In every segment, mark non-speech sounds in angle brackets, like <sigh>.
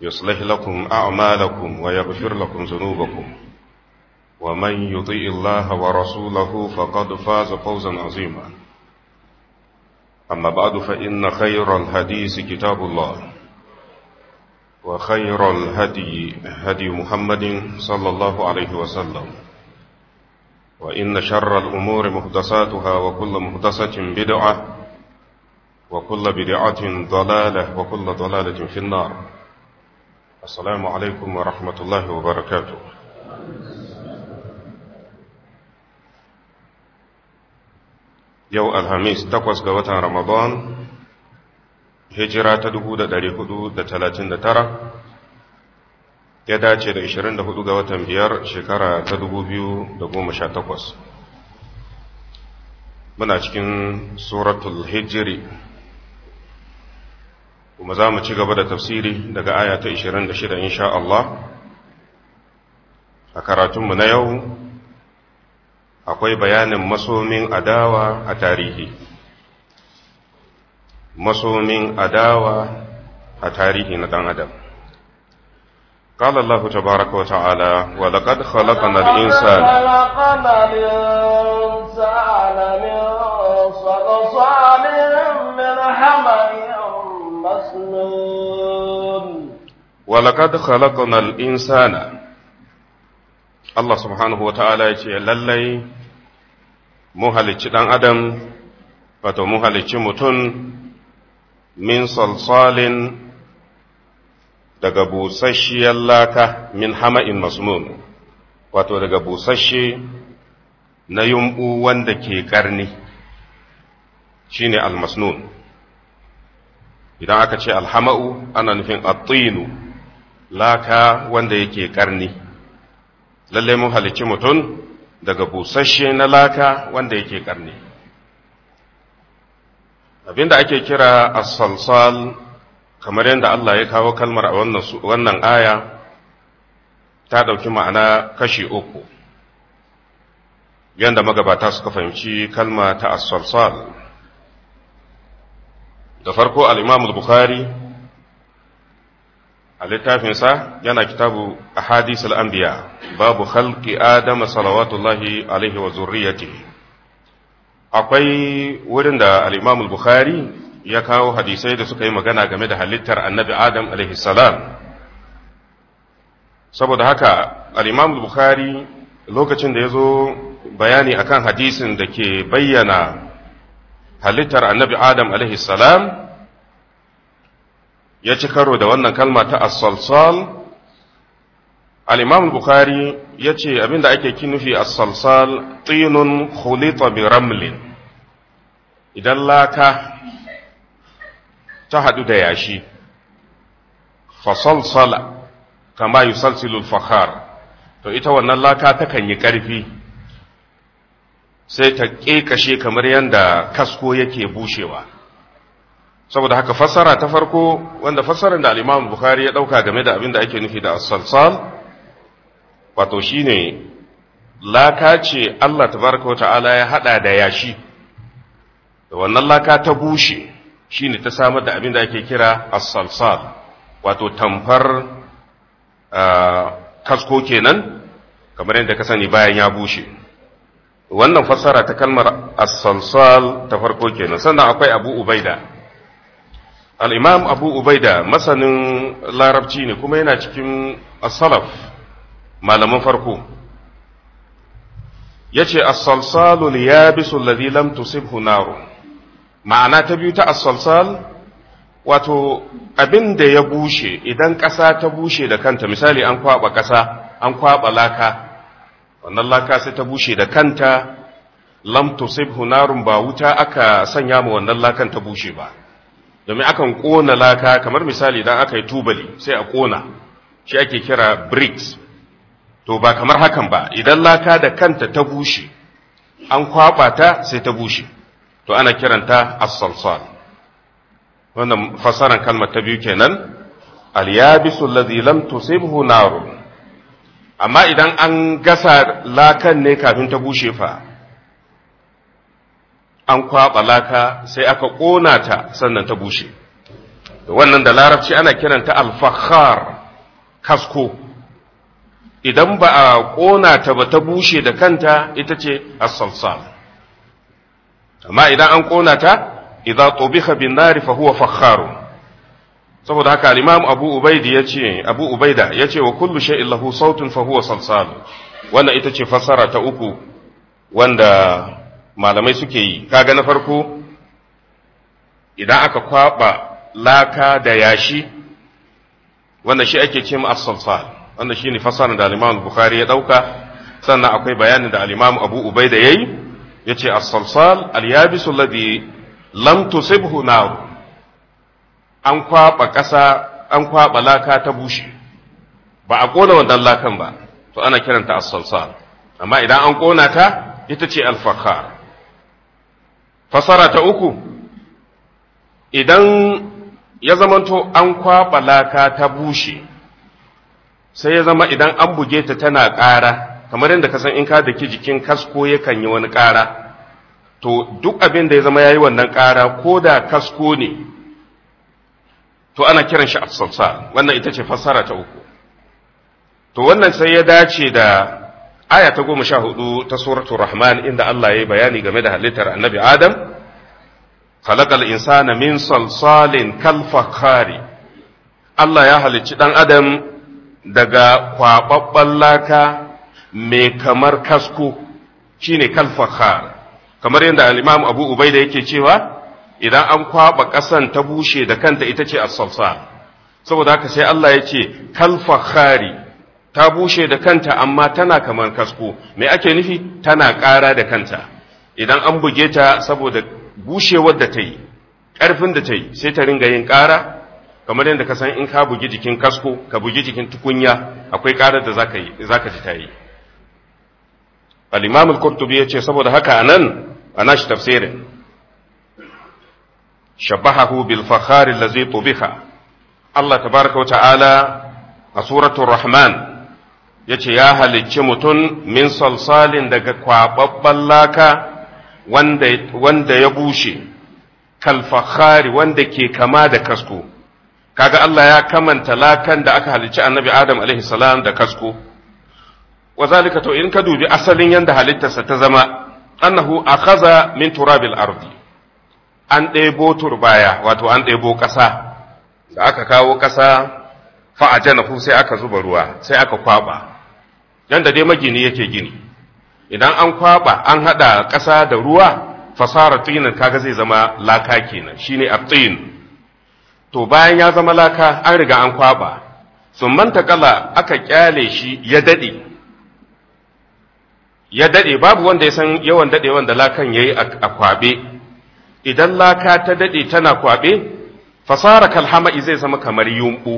يصلح لكم أعمالكم ويغفر لكم ذنوبكم ومن يطيء الله ورسوله فقد فاز فوزا عظيما أما بعد فإن خير الحديث كتاب الله وخير الهدي هدي محمد صلى الله عليه وسلم وإن شر الأمور مهدساتها وكل مهدسة بدعة وكل بدعة ضلالة وكل ضلالة في النار السلام عليكم ورحمة الله وبركاته yau alhamis takwas ga watan ramadan hijira ta tara. ya dace da 24 ga watan biyar shekara ta 2018 muna cikin suratul hijiri kuma za mu ci gaba da tafsiri daga aya ta 26 insha Allah a karatunmu na yau akwai bayanin masomin adawa a tarihi masomin adawa a tarihi na dan adam قال الله تبارك وتعالى ولقد خلقنا الإنسان خلقنا الإنسان من صلصال من حمأ مسنون ولقد خلقنا الإنسان Allah subhanahu wa ta'ala ya ce, Lallai, mu halicci ɗan Adam, wato mu halicci mutum min salsalin daga busasshiyar laka min hama'in masnun, wato daga busasshe na yumɓu wanda ke ƙarni, shi ne al-masnun. idan aka ce alhama'u ana nufin attinu laka wanda yake karni lalle mun halicci mutum daga busasshe na laka wanda yake karni da ake kira as kamar yadda Allah ya kawo kalmar a wannan wannan aya ta ɗauki ma'ana kashi uku yadda magabata suka fahimci kalma ta as da farko al-imam al-bukhari a littafinsa yana kitabu a hadisul anbiya babu halki adama salawatullahi alaihi wa zurriyati akwai wurin da al al-bukhari ya kawo hadisai da suka yi magana game da halittar annabi adam alaihi salam saboda haka al-imam al-bukhari lokacin da ya zo bayani akan hadisin da ke bayyana halittar annabi adam alaihi salam ya ci karo da wannan kalma ta as-salsal al-imam bukhari yace abinda ake kinufi nufi salsal tinun khulita bi ramlin idan laka ta hadu da yashi fasalsala kama yi al-fakhar to ita wannan laka takan yi ƙarfi. sai ta ƙeƙashe kamar yadda kasko yake bushewa saboda haka fassara ta farko wanda fassarar da al'imam Bukhari ya ɗauka game da abin da ake nufi da asalsal wato shi ne laka ce Allah Ta tabaraka wata'ala ya haɗa da yashi da wannan laka ta bushe shine ta samar da abin da ake kira asalsal wato tamfar ah, kasko kenan kamar yadda ka sani bayan ya bushe wannan fassara ta kalmar as-salsal ta farko kenan sannan akwai abu ubaida al-imam abu ubaida masanin larabci ne kuma yana cikin as-salaf malaman farko yace as-salsalu al-yabisu lam tusibhu naru ma'ana ta biyu ta as-salsal wato abin da ya bushe idan ƙasa ta bushe da kanta misali an kwaba ƙasa an kwaba laka wannan laka sai ta bushe da kanta lam tusibhu ba wuta aka sanya wa wannan lakan ta bushe ba domin akan kona laka kamar misali idan aka yi tubali sai a kona shi ake kira bricks to ba kamar hakan ba idan laka da kanta ta bushe an kwaba ta sai ta bushe to ana kiranta as-salsal wannan fasaran kalmar ta biyu kenan al-yabisu alladhi lam tusibhu narun amma idan an gasa lakan ne kafin ta bushe fa an kwaɓa laka sai aka ƙona ta sannan ta bushe wannan da larabci ana kiranta alfahar kasko idan ba a ƙona ta ba ta bushe da kanta ita ce asalsal amma idan an ƙona ta idan tobiha bin nari fa huwa fakharun saboda haka al-imam abu ubaidi yace abu ubaida yace wa kullu shay'in lahu sautun fa huwa salsal wannan ita ce fasara ta uku wanda malamai suke yi kaga na farko idan aka kwaba laka da yashi wanda shi ake ce ma as-salsal wanda shine da al-Imam Bukhari ya dauka sannan akwai bayanin da al-Imam Abu Ubaida yayi yace as-salsal al-yabisu alladhi lam tusibhu nar an kwaɓa ƙasa an kwaɓa laka ta bushe ba a ƙona wannan lakan ba to ana kiranta as-salsal amma idan an ƙona ta ita ce al-fakhar fasara ta uku idan ya zamanto an kwaɓa laka ta bushe sai ya zama idan an buge ta tana ƙara kamar yadda ka san in ka daki jikin kasko yakan yi wani ƙara to duk abin da ya zama ya yi wannan ƙara ko da kasko ne to ana kiran shi as-samsar wannan ita ce fassara ta uku to wannan sai ya dace da aya ta goma sha hudu ta suratul rahman inda Allah ya yi bayani game da halittar annabi adam khalaqal insana min salsalin kal fakhari Allah ya halicci dan adam daga kwababban laka mai kamar kasko shine kal fakhar kamar yadda al-imam Abu Ubaida yake cewa idan an kwaba ƙasan ta bushe da kanta ita ce as saboda haka sai Allah ya ce kal ta bushe da kanta amma tana kamar kasko Mai ake nufi tana ƙara da kanta idan an buge ta saboda bushewar da ta yi ƙarfin da ta yi sai ta ringa yin ƙara kamar yadda ka san in ka bugi jikin kasko ka bugi jikin tukunya akwai ƙarar da zaka ji ta yi al-imam al-qurtubi yace saboda haka anan ana shi tafsirin shabahahu bil fakhari allazi tubiha Allah tabaraka wata'ala a suratul rahman yace ya halicci mutum min salsalin daga kwababban laka wanda wanda ya bushe kal fakhari wanda ke kama da kasko kaga Allah ya kamanta lakan da aka halicci annabi Adam alaihi salam da kasko wazalika to in ka dubi asalin yanda halittarsa ta zama annahu akhaza min turabil ardi an ɗebo turbaya wato an ɗebo ƙasa da aka kawo ƙasa fa'ajanahu sai aka zuba ruwa sai aka kwaba yanda dai magini yake gini idan an kwaɓa an haɗa ƙasa da ruwa fasara tinin kaga zai zama laka kenan shine abtin to bayan ya zama laka an riga an kwaɓa sun manta kala aka kyale shi ya daɗe ya daɗe babu wanda ya san yawan daɗewan da lakan ya yi a kwaɓe. idan laka ta daɗe tana kwaɓe fasara kalhama'i zai zama kamar yumɓu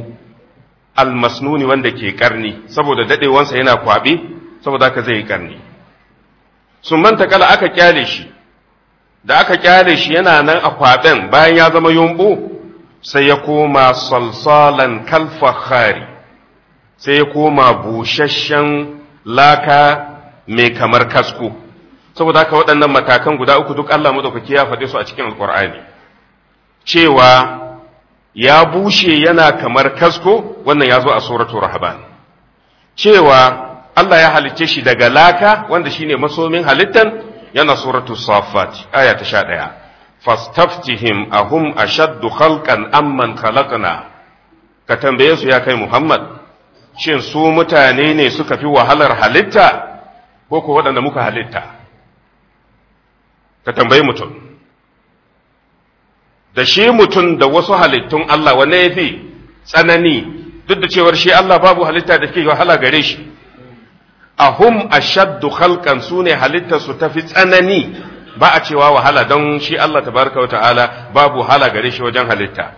almasnuni wanda ke ƙarni saboda daɗewansa yana kwaɓe saboda haka zai yi ƙarni sun manta kala aka ƙyale shi da aka ƙyale shi yana nan a kwaɓen bayan ya zama yumɓu sai ya koma salsalan kalfahari sai ya koma busasshen laka mai kamar kasko saboda haka waɗannan matakan guda uku duk Allah madaukaki ya faɗe su a cikin alƙur'ani cewa ya bushe yana kamar kasko wannan ya zo a suratu rahman cewa Allah ya halicce shi daga laka wanda shine masomin halittan yana suratu safat aya ta sha ɗaya fastaftihim ahum ashaddu khalqan amman khalaqna ka tambaye su ya kai Muhammad shin su mutane ne suka fi wahalar halitta ko ko waɗanda muka halitta ka tambayi mutum da shi mutum da wasu halittun Allah wanne ya fi tsanani duk da cewar shi Allah babu halitta da ke wahala gare shi a hum a khalqan su ne halittar su tafi tsanani ba a cewa wahala don shi Allah tabaraka wata'ala babu wahala gare shi wajen halitta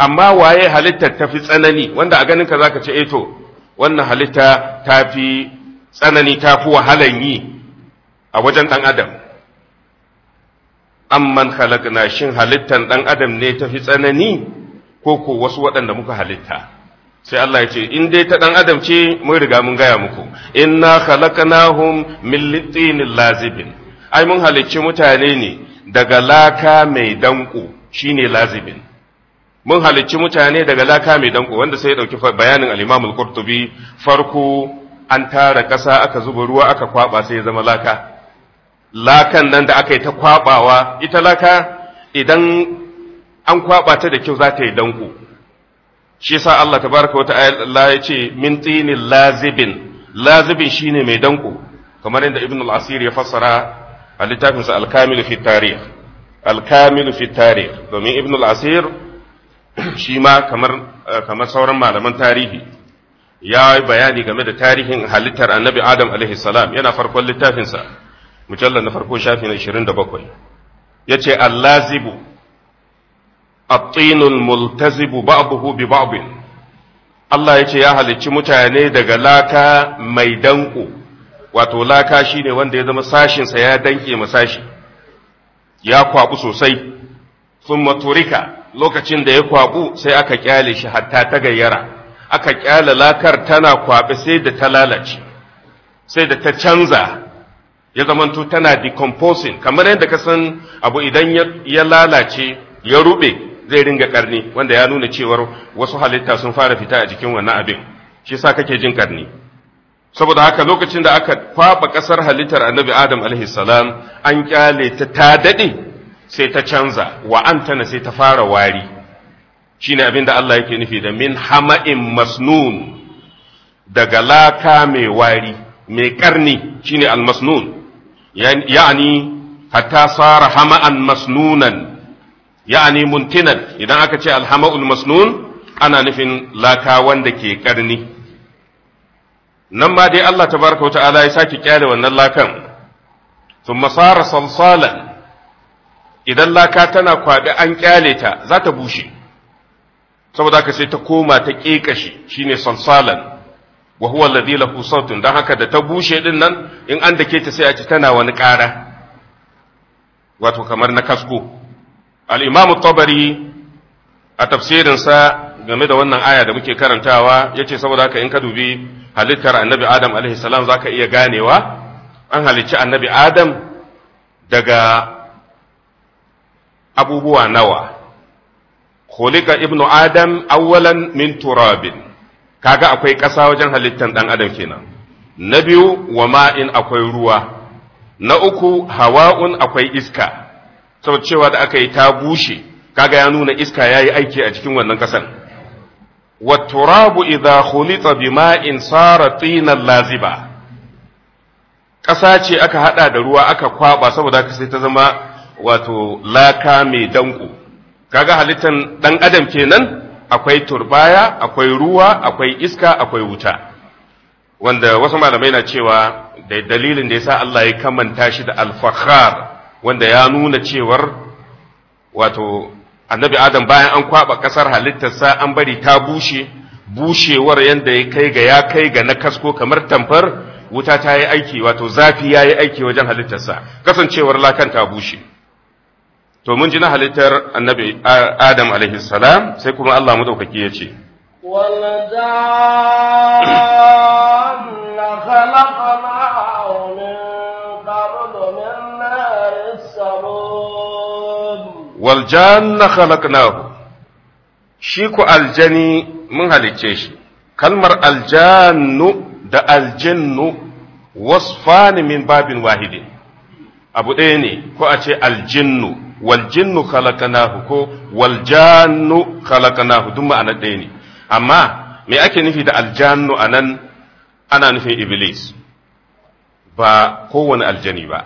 amma waye halittar tafi tsanani wanda a ganin ka zaka ce eto eh wannan halitta tafi tsanani tafi wahalan yi a wajen dan adam amman halakna shin halittan dan adam ne tafi tsanani ko ko wasu waɗanda muka halitta sai Allah ya ce in dai ta dan adam ce mun riga mun gaya muku inna khalaqnahum min litinil lazibin ai mun halicci mutane ne daga laka mai danko shine lazibin mun halicci mutane daga laka mai danko wanda sai ya dauki bayanin al-Imam al-Qurtubi farko an tara ƙasa aka zuba ruwa aka kwaba sai ya zama laka lakan nan da aka yi ta kwabawa ita laka idan an kwaba ta da kyau za ta yi danko shi sa Allah tabaraka wa ta'ala ya ce min tinin lazibin lazibin shine mai danko kamar yadda ibn al-asir ya fassara a littafin sa al-kamil fi tarikh al-kamil fi tarikh domin ibn al-asir shi ma kamar kamar sauran malaman tarihi ya yi bayani game da tarihin halittar annabi adam alaihi salam yana farkon littafinsa mujallar na farko shafi na 27 yace allazibu at multazibu ba'dahu bi ba'd Allah yace ya halicci mutane daga laka mai danko wato laka shine wanda ya zama sashinsa ya danke ma sashi ya kwabu sosai sun turika lokacin da ya kwabu sai aka kyale shi hatta ta gayyara aka kyale lakar tana kwabe sai da ta lalace sai da ta canza ya zamanto tana decomposing kamar yadda ka san abu idan ya lalace ya rube zai ringa karni wanda ya nuna cewar wasu halitta sun fara fita a jikin wannan abin shi sa kake jin karni saboda haka lokacin da aka kwaba kasar halittar annabi adam a.s. an kyale ta ta dade sai ta canza wa an tana sai ta fara wari shine abin da Allah yake nufi da min hama'in masnun daga laka mai wari mai karni shine almasnun ya'ani hatta sara hama'an masnunan ya'ani muntinan idan aka ce alhama'ul masnun ana nufin laka wanda ke ƙarni. nan ma dai Allah tabaraka wa ta'ala ya sake kyale wannan lakan thumma sara salsalan idan laka tana kwaɓe an kyale ta za ta bushe saboda haka sai ta koma ta ƙeƙashe shine salsalan wa huwa alladhi lahu sautun dan haka da ta bushe din nan in an dake ta sai a ci tana wani ƙara wato kamar na kasko al-imamu tabari a tafsirinsa game da wannan aya da muke karantawa yace saboda haka in ka dubi halittar annabi adam alaihi salam zaka iya ganewa an halicci annabi adam daga abubuwa nawa khuliqa ibnu adam awwalan min turabin kaga akwai ƙasa wajen halittar ɗan adam kenan na biyu wa ma'in akwai ruwa na uku hawa'un akwai iska sau cewa da aka yi ta bushe kaga ya nuna iska ya yi aiki a cikin wannan ƙasan watturabu idha khulita bi ma'in sara tinan laziba ƙasa ce aka haɗa da ruwa aka kwaba saboda haka sai ta zama wato laka mai danko kaga halittar ɗan adam kenan akwai turbaya akwai ruwa akwai iska akwai wuta wanda wasu malamai na cewa da dalilin da yasa Allah ya kamanta shi da al-fakhar wanda ya nuna cewar wato annabi adam bayan an kwaba kasar halittarsa an bari ta bushe bushewar yanda ya kai ga ya kai ga na kasko kamar tamfar wuta ta yi aiki wato zafi ya yi aiki wajen halittarsa kasancewar lakan ta bushe to mun ji na halittar annabi adam alaihi salam sai kuma Allah madaukaki ya ce waljanna khalaqnahu shi ku aljani mun halicce shi kalmar aljannu da aljinnu wasfani min babin wahidin abu ɗaya ne ko a ce aljinnu wal jinnu khalaqnahu ko wal jannu khalaqnahu duk ma'anar ɗaya ne amma me ake nufi da aljanu a nan ana nufin iblis ba kowane aljani ba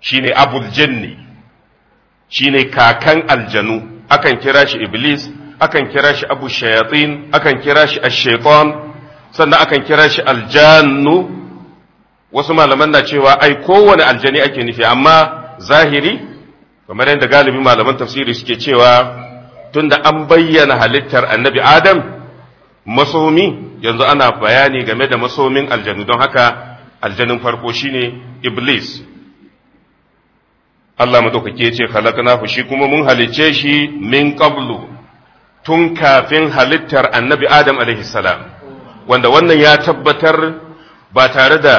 shine abul janni shine kakan aljanu akan kira iblis akan kira shi abu akan kira shi sannan akan kira aljanu. wasu malaman na cewa ai kowane aljani ake nufi amma zahiri kamar yadda galibi malaman tafsiri suke cewa tunda an bayyana halittar annabi adam masomi yanzu ana bayani game da masomin aljanu don haka aljanin farko shine iblis Allah madaukake ce ku shi kuma mun halice shi min qablu tun kafin halittar annabi adam alaihi wanda wannan ya tabbatar ba tare da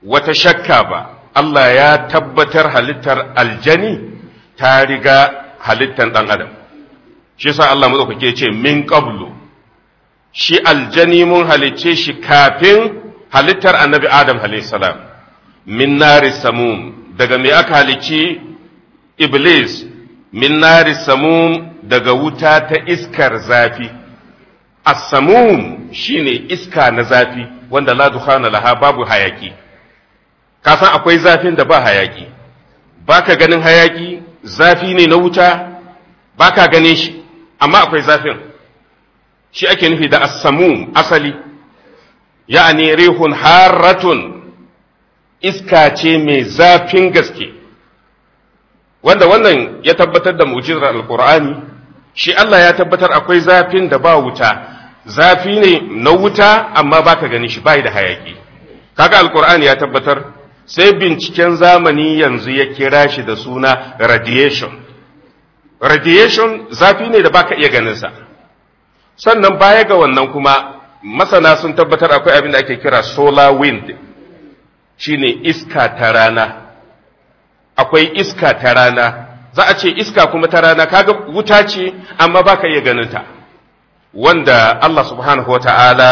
wata shakka ba Allah ya tabbatar halittar aljani ta riga halittar ɗan adam shi sa Allah mazaukake ce min qablu shi aljani mun halicce shi kafin halittar annabi adam salam min nari samum daga me aka halicci iblis min nari samum daga wuta ta iskar zafi as-samum shine iska na zafi wanda la dukhana laha babu hayaki ka san akwai zafin da ba hayaki baka ganin hayaki zafi ne na wuta baka gane shi amma akwai zafin shi ake nufi da as-samum asali ya'ani rihun haratun iska ce mai zafin gaske wanda wannan ya tabbatar da mu'jizar alkur'ani shi Allah ya tabbatar akwai zafin da ba wuta zafi ne na wuta amma baka gani shi bai da hayaki kaga alqur'ani ya tabbatar sai binciken zamani yanzu ya kira shi da suna radiation radiation zafi ne da baka iya ganinsa sannan baya ga wannan kuma masana sun tabbatar akwai abin da ake kira solar wind shine iska ta rana akwai iska ta rana za a ce iska kuma ta rana kaga wuta ce amma baka iya ganinta wanda Allah subhanahu wa ta'ala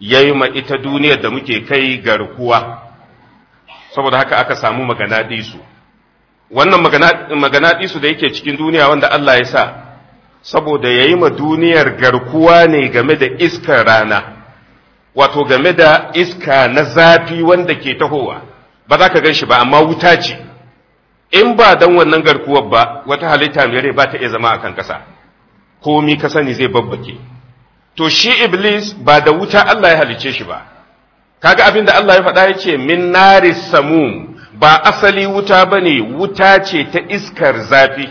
ya yi ma ita duniyar da muke kai garkuwa saboda haka aka samu maganadisu wannan maganadisu da yake cikin duniya wanda Allah ya sa saboda ya yi ma duniyar garkuwa ne game da iskar rana wato game da iska na zafi wanda ke tahowa ba za ka gan shi ba amma wuta ce in ba don wannan garkuwar ba wata halitta mai rai ba ta iya zama a kan ƙasa komi ka sani zai babbake to shi iblis ba da wuta Allah ya halice shi ba kaga abin da Allah ya faɗa ya ce min nari samum ba asali wuta ba ne wuta ce ta iskar zafi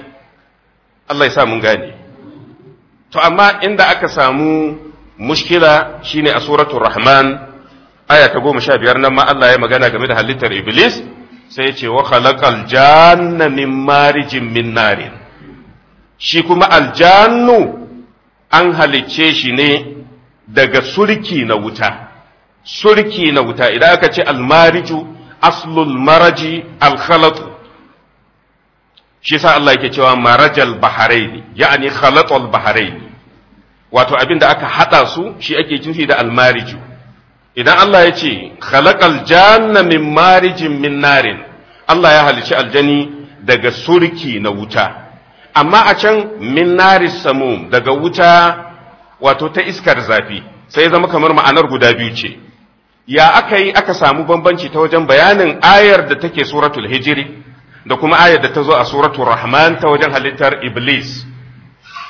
Allah ya sa mun gane to amma inda aka samu mushkila shine a suratul rahman aya ta goma sha biyar nan ma Allah ya magana game da halittar iblis sai ce wa khalaqal janna min marijin min narin shi kuma aljannu an halicce shi ne daga surki na wuta surki na wuta idan aka ce almariju aslul maraji alkhalatu shi sa Allah yake cewa marajal baharaini ya'ani khalatul baharaini wato abin da aka hada su shi ake kinfi da almariju idan Allah ya ce khalaqal janna min marijin min narin Allah ya halici aljani daga surki na wuta amma a can min naris samum daga wuta wato ta iskar zafi sai zama kamar ma'anar guda biyu ce ya aka yi aka samu bambanci ta wajen bayanin ayar da take suratul hijiri da kuma ayar da ta zo a suratul rahman ta wajen halittar iblis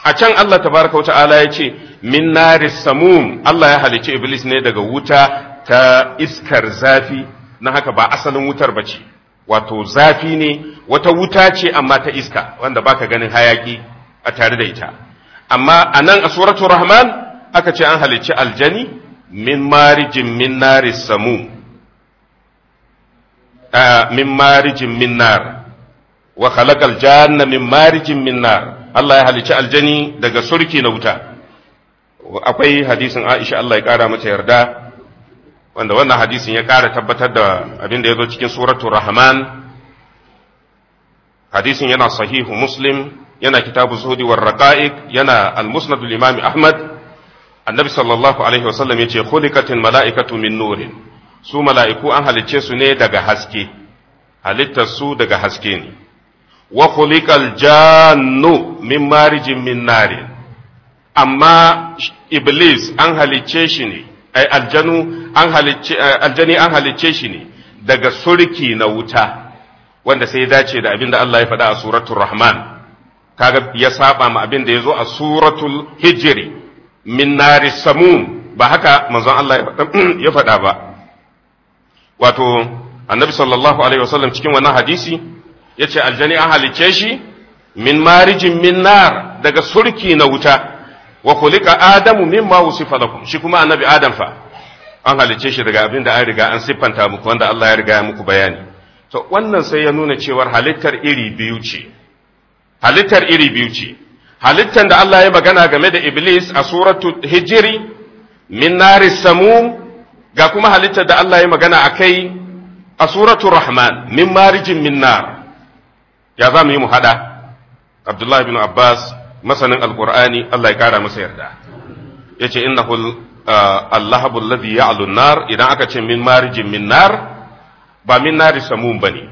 a can Allah tabaraka wa ta'ala ya ce min naris samum Allah ya halicci iblis ne daga wuta ta iskar zafi na haka ba asalin wutar ba bace wato zafi ne wata wuta ce amma ta iska wanda baka ganin hayaki a tare da ita amma anan a suratul rahman aka ce an halicci aljani min marijin min nari samu ah, min marijin min nar wa khalaqal janna min marijin min nar Allah ya halici aljani daga surki na wuta akwai hadisin Aisha Allah ya kara mata yarda wanda wannan hadisin ya kara tabbatar da abin da ya zo cikin suratul rahman hadisin yana sahihu muslim yana kitabu zuhudi war raqa'iq yana al-musnad al-imam ahmad annabi sallallahu alaihi wasallam ya ce khuliqatil mala'ikatu min nurin su mala'iku an halicce su ne daga haske halittar su daga haske ne wa khuliqal jannu min marijin min narin amma iblis an halicce shi ne ai aljanu an halicce eh, aljani an halicce shi ne daga surki na wuta wanda sai ya dace da abin da Allah ya faɗa a suratul rahman kaga ya saba ma abin da ya zo a suratul hijri min nari ba haka manzon Allah <clears throat> ya faɗa ba wato annabi sallallahu alaihi wasallam cikin wannan hadisi ya ce aljani an halicce shi min marijin min nar daga surki na wuta wa kulika adamu mimma wusifa lakum shi kuma annabi adam fa an halicce shi daga abin da an riga an siffanta muku wanda Allah ya riga ya muku bayani to wannan sai ya nuna cewar halittar iri biyu ce halittar iri biyu ce halittan da Allah ya magana game da Iblis a suratu hijiri min nari samum ga kuma halittar da Allah ya magana a kai a suratu rahman min marijin min nar ya za mu yi mu haɗa abdullahi bin abbas masanin alƙur'ani Allah ya ƙara masa yarda ya ce innahu uh, allahu alladhi ya'lu nar idan aka ce min marijin min nar ba min nari ba bane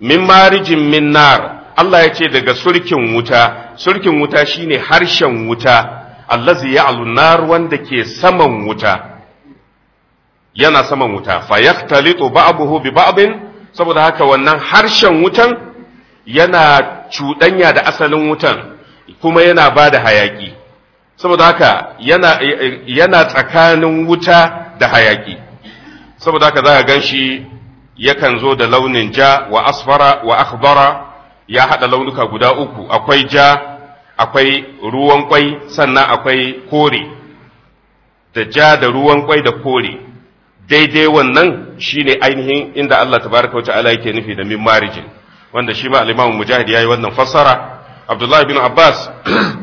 min marijin min nar Allah ya ce daga surkin wuta surkin wuta shine harshen wuta zai yi alunar wanda ke saman wuta yana saman wuta fa yaktalitu ba'dahu bi saboda haka wannan harshen wutan yana cuɗanya da asalin wutan kuma yana ba da hayaƙi saboda haka yana tsakanin wuta da hayaƙi saboda haka za gan shi yakan zo da launin ja wa asfara wa akhbara ya haɗa launuka guda uku akwai ja akwai ruwan kwai sannan akwai kore da ja da ruwan kwai da kore daidai wannan shine ainihin inda Allah tabaraka wa ta'ala yake nufi da min marijin wanda shi ma al-Imam Mujahid yayi wannan fassara Abdullah ibn Abbas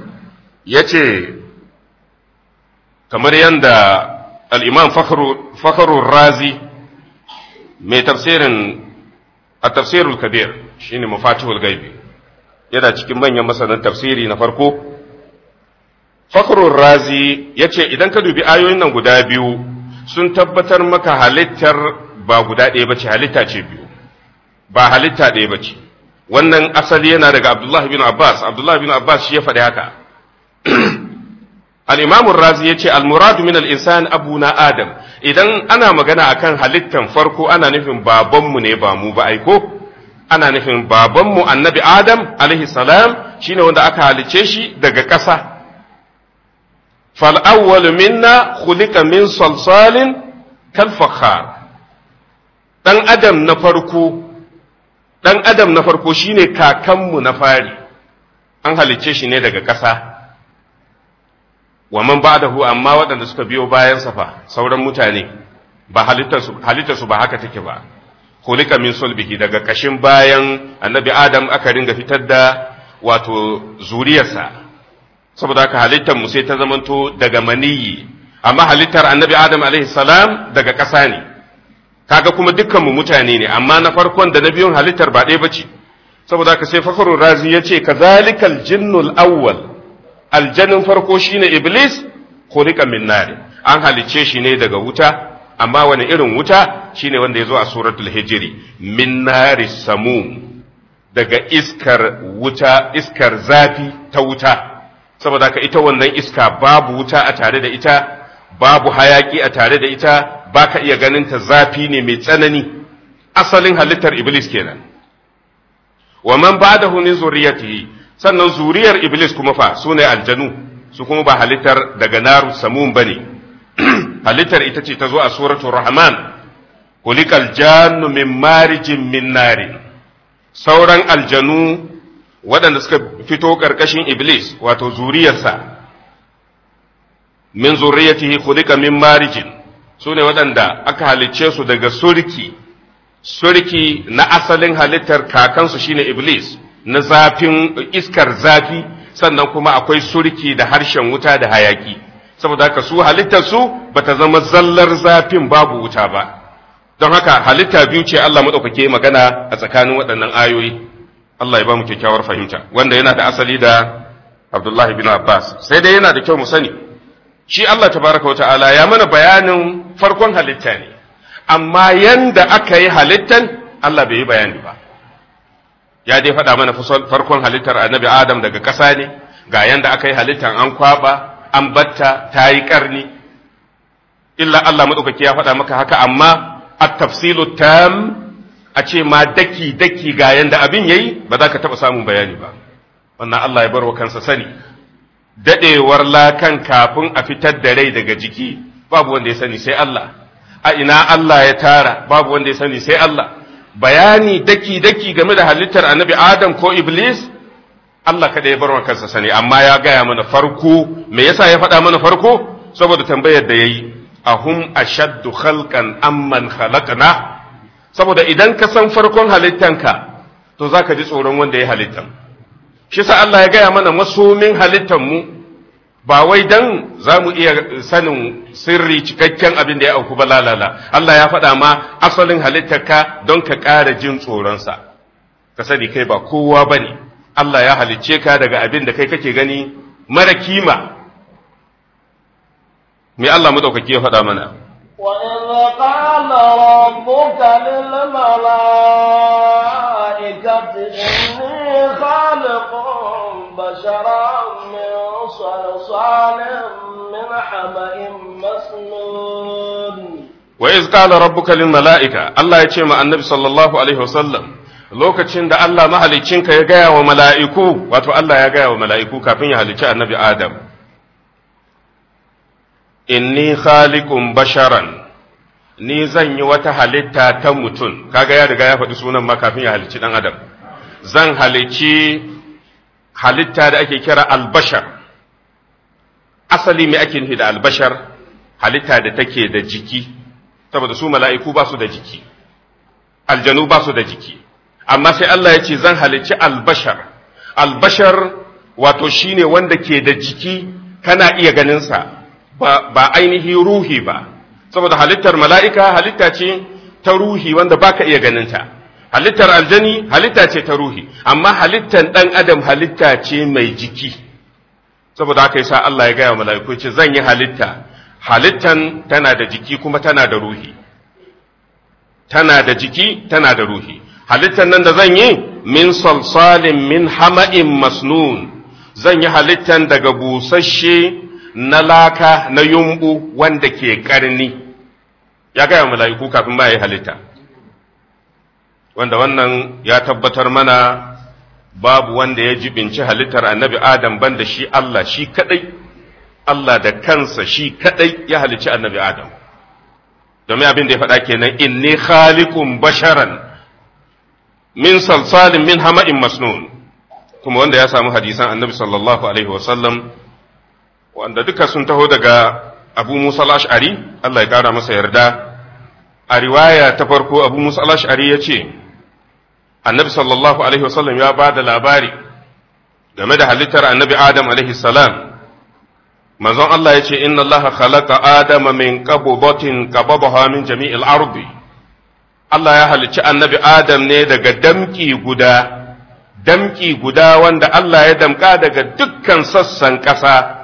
<clears throat> yace kamar yanda al-Imam Fakhru Razi mai tafsirin a tafsirul kabir ne mafatihul gaibi yana cikin manyan masanan tafsiri na farko fakrul razi yace idan ka dubi ayoyin nan guda biyu sun tabbatar maka halittar ba guda ɗaya bace halitta ce biyu ba halitta ɗaya bace wannan asali yana daga Abdullah bin Abbas Abdullah bin Abbas shi ya faɗi haka <clears throat> al-Imam razi yace al-muradu min al-insan na Adam idan ana magana akan halittan farko ana nufin babanmu ne ba mu ba aiko ana nufin babanmu annabi adam alaihi salam shine wanda aka halice shi daga ƙasa fal'awwal minna khuliqa min salsalin kalfakhar ɗan adam na farko ɗan adam na farko shine kakanmu na fari an halice shi ne daga ƙasa wa da hu amma waɗanda suka biyo bayan safa sauran mutane ba halittarsu ba haka take ba kulika min sulbihi daga kashin bayan annabi adam aka ringa fitar da wato zuriyarsa saboda haka halittar mu sai ta zamanto daga maniyi amma halittar annabi adam alaihi salam daga ƙasa ne kaga kuma dukkan mu mutane ne amma na farkon da na biyun halittar ba ɗaya bace saboda haka sai fakhrul razi yace kazalikal jinnul awwal aljanin farko shine iblis kulika min nar an halicce shi ne daga wuta amma wani irin wuta shine wanda ya zo a suratul hijiri min nari samum daga iskar wuta iskar zafi ta wuta saboda ka ita wannan iska babu wuta a tare da ita babu hayaki a tare da ita baka iya ganin ta zafi ne mai tsanani asalin halittar iblis kenan wa man ba'dahu min zurriyatihi sannan zuriyar iblis kuma fa sune aljanu su kuma ba halittar daga naru samun bane <clears throat> halittar ita ce ta zo a suratul rahman kulikal jannu min marijin min nari sauran aljanu waɗanda suka fito ƙarƙashin iblis wato zuriyarsa min zuriyatihi kulika min marijin su ne waɗanda aka halicce su daga surki surki na asalin halittar kakansu shine iblis na zafin iskar zafi sannan kuma akwai surki da harshen wuta da hayaki saboda haka su halittar su bata zama zallar zafin babu wuta ba don haka halitta biyu ce Allah maɗaukake magana a tsakanin waɗannan ayoyi Allah ya ba mu kyakkyawar fahimta wanda yana da asali da Abdullahi bin Abbas sai dai yana da kyau mu sani shi Allah tabaraka wata'ala ya mana bayanin farkon halitta ne amma yanda aka yi halittan Allah bai yi bayani ba ya dai faɗa mana farkon halittar annabi Adam daga ƙasa ne ga yanda aka yi halittan an kwaba an batta ta yi ƙarni illa Allah maɗaukaki ya faɗa maka haka amma a tafsilu tam a ce ma daki daki ga yanda abin yayi ba za ka taba samun bayani ba wannan Allah ya barwa kansa sani dadewar lakan kafin a fitar da rai daga jiki babu wanda ya sani sai Allah a ina Allah ya tara babu wanda ya sani sai Allah bayani daki daki game da halittar annabi Adam ko Iblis Allah kada ya barwa kansa sani amma ya gaya mana farko me yasa ya faɗa mana farko saboda tambayar da yayi ahum ashaddu khalqan amman khalaqna saboda idan ka san farkon halittanka to zaka ji tsoron wanda ya halitta shi sa Allah ya gaya mana masomin halittan mu ba wai dan zamu iya sanin sirri cikakken abin da ya auku ba lalala Allah ya faɗa ma asalin halittarka don ka ƙara jin tsoronsa ka sani kai ba kowa bane Allah ya halicce ka daga abin da kai kake gani mara kima me Allah madaukaki ya faɗa mana وإذ قال ربك للملائكة إني خالق بشرا من صلصال من حمأ مسنون وإذ قال ربك للملائكة الله يتشمع النبي صلى الله عليه وسلم lokacin da Allah mahaliccinka ya gaya wa mala'iku, wato Allah ya gaya wa mala'iku kafin ya halicci annabi Adam. inni khaliqun basharan ni zan yi wata halitta ta mutum kaga ya riga ya faɗi sunan ma kafin ya halicci ɗan adam zan halicci halitta da ake kira albashar asali mai ake nufi da albashar halitta da take da jiki saboda su mala'iku ba su da jiki aljanu ba su da jiki amma sai Allah ya ce zan halicci albashar albashar wato shine wanda ke da jiki kana iya ganinsa ba ainihi ruhi ba saboda halittar mala'ika halitta ce ta ruhi wanda ba ka iya ganinta halittar aljani halitta ce ta ruhi amma halittar ɗan adam halitta ce mai jiki saboda haka yasa Allah ya gaya mala'iku ce zan yi halitta halittan tana da jiki kuma tana da ruhi tana da jiki tana da ruhi halittan nan da zan yi min salsalin min hama'in masnun zan yi halittan daga busasshe na laka na yumbu wanda ke karni ya gaya mala'iku kafin ma yi halitta wanda wannan ya tabbatar mana babu wanda ya jibinci halittar annabi adam banda shi Allah shi kadai Allah da kansa shi kadai ya halicci annabi adam domin abin da ya faɗa kenan inni khaliqun basharan min salsalin min hama'in masnun kuma wanda ya samu hadisan annabi sallallahu alaihi wasallam wanda duka sun taho daga abu musa al'ash'ari Allah ya ƙara masa yarda a riwaya ta farko abu musa al'ash'ari ya ce annabi sallallahu alaihi wasallam ya ba da labari game da halittar annabi adam alaihi salam manzon Allah ya ce inna Allah khalaqa adama min qabobatin qababaha min jami'il ardi Allah ya halicci annabi adam ne daga damki guda damki guda wanda Allah ya damka daga dukkan sassan ƙasa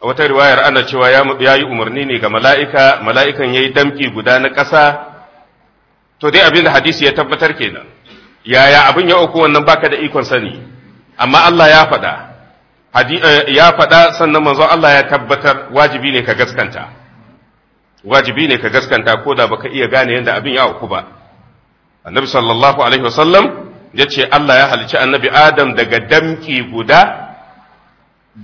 a wata riwayar ana cewa ya yi umarni ne ga mala'ika mala'ikan ya yi damki guda na ƙasa to dai abin da hadisi ya tabbatar kenan yaya abin ya uku wannan baka da ikon sani amma Allah ya faɗa eh, ya faɗa sannan manzo Allah ya tabbatar wajibi ne ka gaskanta wajibi ne ka gaskanta ko da baka iya gane yadda abin ya uku ba annabi sallallahu alaihi wasallam ya ce Allah ya halicci annabi Adam daga damki guda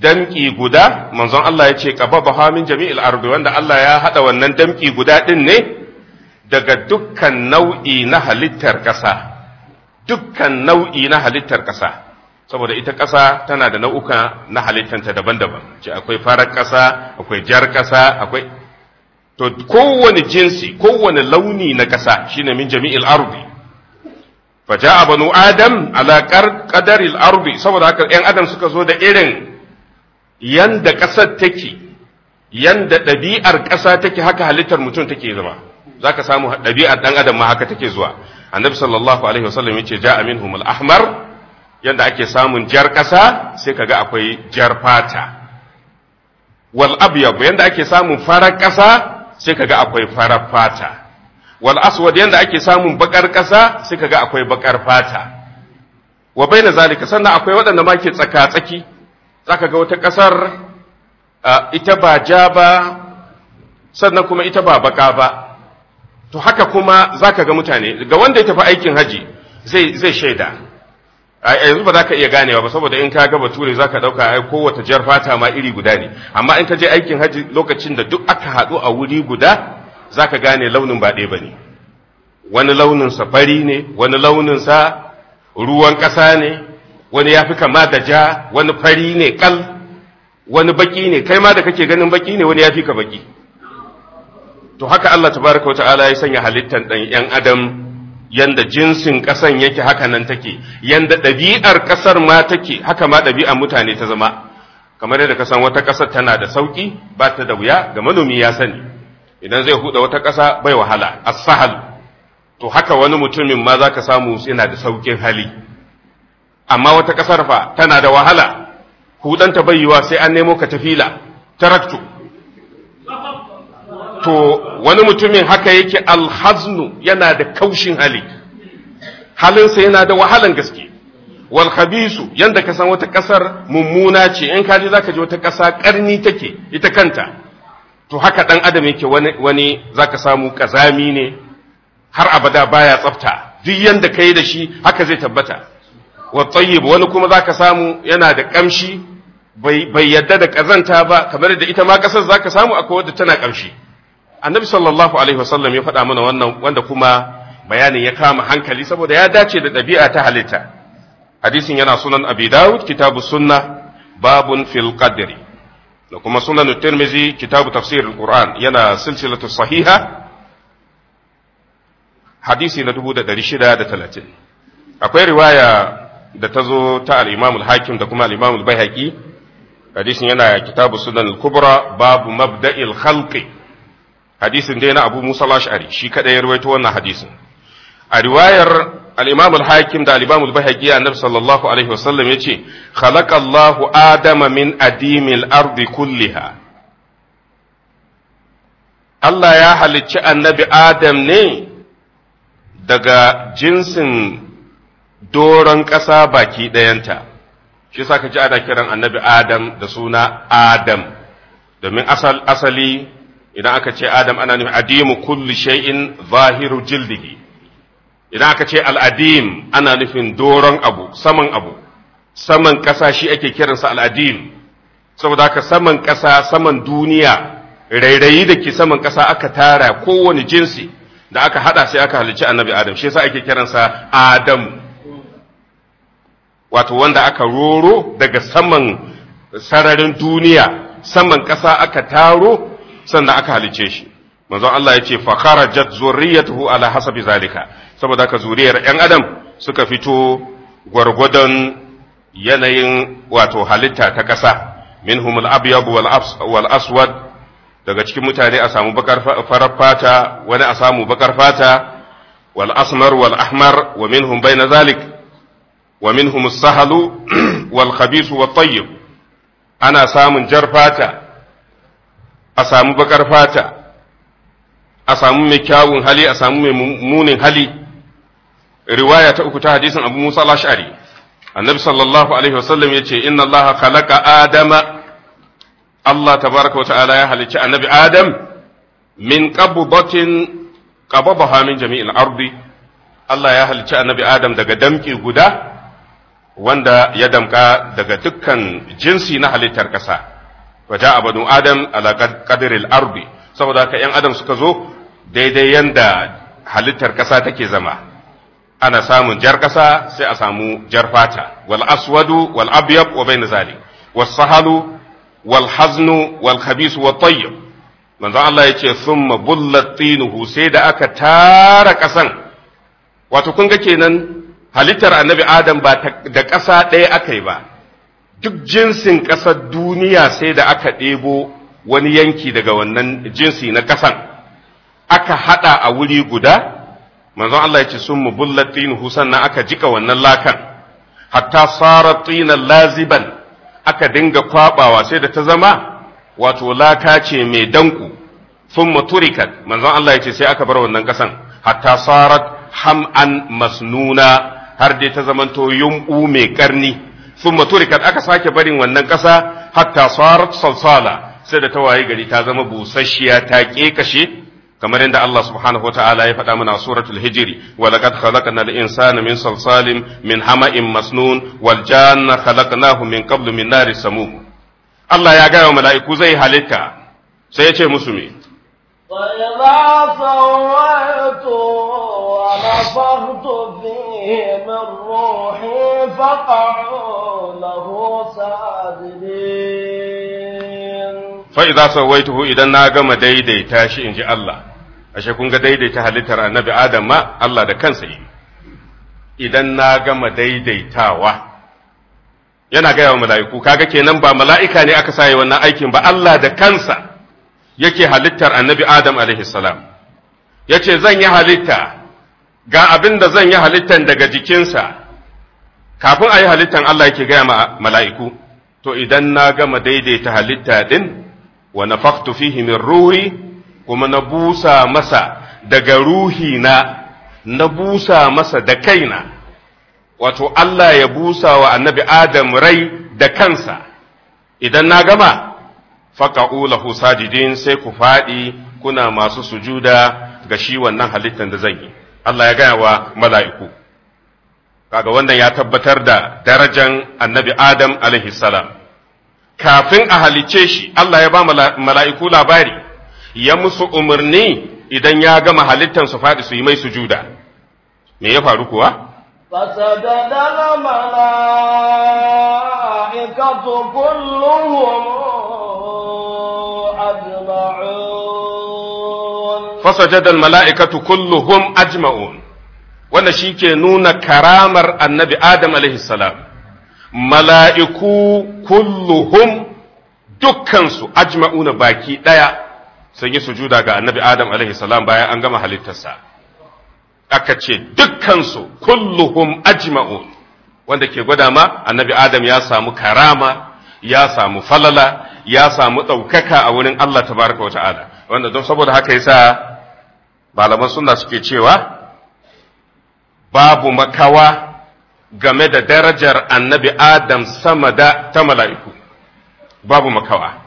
damki guda manzon Allah ya ce qababaha min jami'il ardi wanda Allah ya haɗa wannan damki guda ɗin ne daga dukkan nau'i na halittar ƙasa dukkan nau'i na halittar ƙasa saboda ita ƙasa tana da nau'uka na halittanta daban-daban ce akwai farar ƙasa akwai jar ƙasa akwai to kowane jinsi kowane launi na ƙasa shine min jami'il ardi faja'a banu adam ala qadaril ardi saboda haka 'yan adam suka zo da irin yanda ƙasar take yanda ɗabi'ar ƙasa take haka halittar mutum take zama za ka samu ɗabi'ar ɗan adam ma haka take zuwa annabi sallallahu alaihi wasallam yace ja'a minhum al-ahmar yanda ake samun jar ƙasa sai kaga akwai jar fata wal abyad yanda ake samun farar ƙasa sai kaga akwai farar fata wal aswad yanda ake samun bakar ƙasa sai kaga akwai bakar fata wa baina zalika sannan akwai waɗanda ma ke tsaka tsaki zaka ga wata ƙasar ita ba ja ba sannan kuma ita ba baka ba to haka kuma zaka ga mutane ga wanda ya tafi aikin haji zai zai shaida yanzu ba za ka iya ganewa ba saboda in ka ga bature za ka ɗauka ai kowace jar fata ma iri guda ne amma in ka je aikin haji lokacin da duk aka haɗu a wuri guda za ka gane launin ba ɗaya ba ne wani launin fari ne wani launin sa ruwan ƙasa ne wani ya fi kama da ja wani fari ne kal wani baki ne kai ma da kake ganin baki ne wani ya fi ka baki to haka Allah tabaraka wa ta'ala ya sanya halittar ɗan yan adam yanda jinsin kasan yake haka nan take yanda ɗabi'ar kasar ma take haka ma ɗabi'ar mutane ta zama kamar yadda kasan wata kasar tana da sauki ba ta da wuya ga manomi ya sani idan zai huda wata kasa bai wahala as-sahal to haka wani mutumin ma za ka samu yana da saukin hali amma wata ƙasar fa tana da wahala ta bayyuwa sai an nemo ka tafila taraktu to wani mutumin haka yake alhaznu yana da kaushin hali halinsa yana da wahalan gaske wal khabisu yanda ka san wata ƙasar mummuna ce in ka ji zaka je wata ƙasa karni take ita kanta to haka dan adam yake wani wani zaka samu kazami ne har abada baya tsafta duk yanda kai da shi haka zai tabbata wa wani kuma zaka samu yana da kamshi bai yadda da kazanta ba kamar da ita ma kasar zaka samu akwai wadda tana kamshi annabi sallallahu alaihi wasallam ya faɗa mana wannan wanda kuma bayanin ya kama hankali saboda ya dace da ɗabi'a ta halitta hadisin yana sunan abi dawud kitabu sunna babun fil qadri da kuma sunan Turmizi kitabu tafsir Qur'an yana silsilatu sahiha hadisi na 1630 akwai riwaya da ta zo ta al'imamul hakim da kuma al'imamul imam haƙi hadisin yana kitabu Sunan kubra babu mabda'il khalqi hadisin dai na Abu Musa al-Ash'ari shi kaɗa ya rawaito wannan hadisin a riwayar al hakim da al'imamul imam haƙi annabi sallallahu alaihi wasallam yace khalaqallahu adama min adimil ardi kulliha Allah ya halicci annabi Adam ne daga jinsin doron ƙasa baki ɗayanta shi sa ka ji ana kiran annabi adam da suna adam domin asali idan aka ce adam ana nufin adimu kulli shay'in zahiru jildihi idan aka ce al'adim ana nufin doron abu saman abu saman ƙasa shi ake kiransa al'adim saboda haka saman ƙasa saman duniya rairayi da ke saman ƙasa aka tara kowane jinsi da aka haɗa sai aka halicci annabi adam shi sa ake kiransa adam wato wanda aka roro daga saman sararin duniya saman ƙasa aka taro sannan aka halice shi manzo Allah ya ce fa kharajat zurriyatuhu ala hasabi zalika saboda haka zuriyar ɗan adam suka fito gwargwadon yanayin wato halitta ta ƙasa minhum al-abyad wal aswad daga cikin mutane a samu bakar farar fata wani a samu bakar fata wal asmar wal ahmar wa minhum bayna zalik wa minhum as-sahlu <clears throat> wal khabith ana samun jar fata a samu bakar fata a samu mai kyawun hali a samu mai munin hali riwaya ta uku ta hadisin Abu Musa al annabi sallallahu alaihi ce yace inna Allah khalaqa adama Allah tabaraka wa ta'ala ya halicci annabi Adam min qabdatin qabadaha jami'in ardi Allah ya halicci annabi Adam daga damƙi guda wanda ya damka daga dukkan jinsi na halittar ƙasa waje a banu adam ala arbi, ardi saboda haka yan adam suka zo daidai yanda halittar ƙasa take zama ana samun jar ƙasa sai a samu jar fata wal aswadu wal abyab wa bayna zalik was sahalu wal haznu wal khabisu wat tayyib manzo Allah yace thumma bullat tinuhu sai da aka tara ƙasan wato kun ga kenan halittar annabi adam ba da ƙasa ɗaya aka yi ba duk jinsin ƙasar duniya sai da aka ɗebo wani yanki daga wannan jinsi na ƙasan aka haɗa a wuri guda manzon Allah ya ce sun mu bullatin husan na aka jika wannan lakan hatta tsinan laziban aka dinga kwabawa sai da ta zama wato laka ce mai danku sun maturikat manzon Allah ya ce sai aka bar wannan ƙasan hatta sarat ham'an masnuna har dai ta zamanto yumbu mai ƙarni sun maturikat aka sake barin wannan ƙasa hatta sarat salsala sai da ta waye gari ta zama busasshiya ta ƙeƙashe kamar yadda Allah subhanahu ta'ala ya faɗa mana suratul hijri wa laqad khalaqna al-insana min salsalin min hama'in masnun wal janna khalaqnahu min qablu min nari samum Allah ya gaya wa mala'iku zai halitta sai ya ce musu me وإذا سويت ونفخت فيه من روحي فقعوا له ساجدين فإذا سويته إذا ناقم ديدي تاشي إنجي الله ashe kun ga daidaita halittar آدم Adam ma Allah da kansa yi idan na gama daidaitawa yana gaya wa mala'iku kaga kenan ba mala'ika ne aka saye wannan aikin ba Allah da kansa yake halittar annabi Adam alaihi salam yace zan yi halitta ga abin da zan yi halittan daga jikinsa kafin a yi halittan Allah yake gaya ma mala'iku to idan na gama daidaita halitta ɗin wa na fihi min ruhi kuma na busa masa daga ruhi na na busa masa da kaina wato Allah ya busa wa annabi Adam rai da kansa idan na gama faka lahu sajidin sai ku faɗi kuna masu sujuda ga shi wannan halittan da zan yi Allah ya gaya wa mala'iku kaga wannan ya tabbatar da darajan annabi Adam alaihi salam kafin a halice shi Allah ya ba mala'iku labari ya musu umarni idan ya gama halittan su faɗi su yi mai sujuda me ya faru kuwa فسجد فسجد mala'ikatu كلهم ajma'un wanda shi ke nuna karamar annabi adam alaihi salam mala'iku kulluhum dukkansu ajma'una baki ɗaya sun yi sujuda ga annabi adam alayhi salam bayan an gama halittarsa aka ce dukkansu kulluhum ajma'un wanda ke gwada ma annabi adam ya samu karama ya samu falala ya samu ɗaukaka a wurin Allah tabaraka wa ta'ala wanda don saboda haka yasa malaman suna suke cewa babu makawa game da darajar annabi adam sama da ta mala'iku babu makawa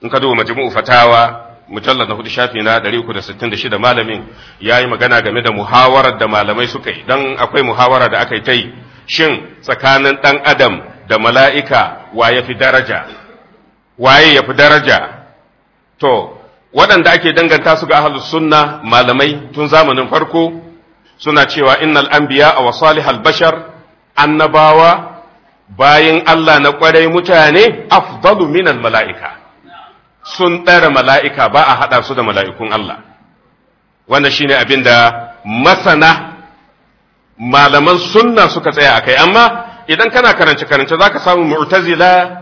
in ka duba majmu'u fatawa mujallar na hudu shafi na 366 malamin ya yi magana game da muhawarar da malamai suka yi don akwai muhawara da aka yi ta yi shin tsakanin ɗan adam da mala'ika wa ya fi daraja waye ya fi daraja to waɗanda ake danganta su ga ahlus sunna malamai tun zamanin farko suna cewa innal anbiya wa salihal bashar annabawa bayin Allah na kwarai mutane afdalu minal mala'ika sun ɗara mala'ika ba a haɗa su da mala'ikun Allah wanda shine abin da masana malaman sunna suka tsaya a kai amma idan kana karance karance zaka samu mu'tazila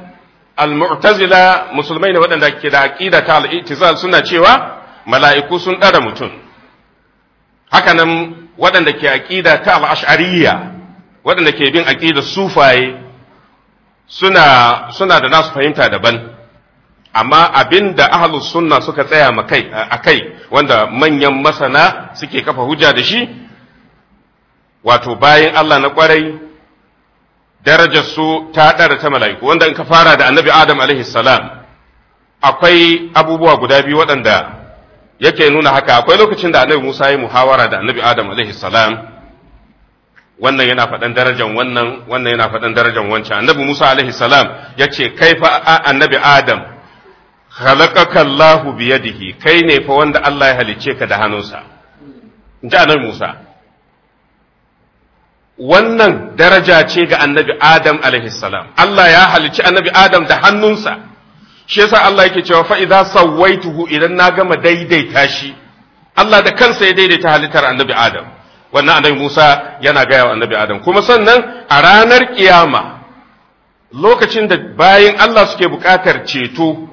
al-mu'tazila musulmai ne waɗanda ke da aqida ta al-i'tizal suna cewa mala'iku sun ɗara mutum Hakanan nan waɗanda ke aqida ta al-ash'ariyya waɗanda ke bin aqida sufaye suna da nasu fahimta daban amma abin da ahlus sunna suka tsaya makai kai wanda manyan masana suke kafa hujja da shi wato bayan Allah na kwarai Darajarsu su ta ɗara ta mala'iku wanda in ka fara da annabi adam alaihi salam akwai abubuwa guda biyu waɗanda yake nuna haka akwai lokacin da annabi musa ya muhawara da annabi adam alaihi salam wannan yana faɗan darajar wannan wannan yana faɗan darajar wancan annabi musa alaihi salam ya ce kai fa annabi adam khalaqaka allah biyadihi kai ne fa wanda allah ya halicce ka da hannunsa in ji annabi musa wannan daraja ce ga annabi Adam salam Allah ya halici annabi Adam da hannunsa shi yasa Allah yake cewa fa idza sawaituhu idan na gama daidaita shi Allah da kansa ya daidaita halittar annabi Adam wannan annabi Musa yana gaya wa annabi Adam kuma sannan a ranar ƙiyama lokacin da bayan Allah suke buƙatar ceto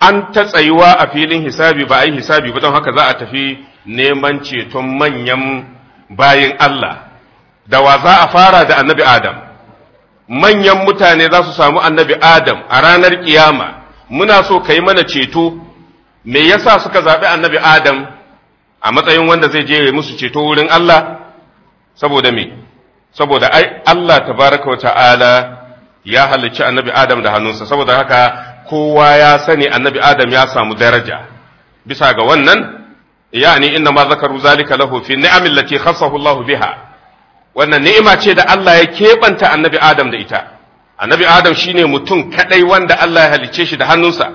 an ta tsayuwa a filin hisabi ba a yi hisabi ba don haka za a tafi neman ceton manyan bayan Allah da wa za a fara da annabi adam manyan mutane za su samu annabi adam a ranar kiyama muna so ka yi mana ceto me yasa suka zaɓi annabi adam a matsayin wanda zai je ya musu ceto wurin Allah saboda me saboda ai Allah tabaraka wa ta'ala ya halicci annabi adam da hannunsa saboda haka kowa ya sani annabi adam ya samu daraja bisa ga wannan yani inna ma zakaru zalika lahu fi ni'amil lati khassahu Allah biha wannan ni'ima ce da Allah ya keɓanta annabi Adam da ita annabi Adam shine mutum kadai wanda Allah ya halice shi da hannunsa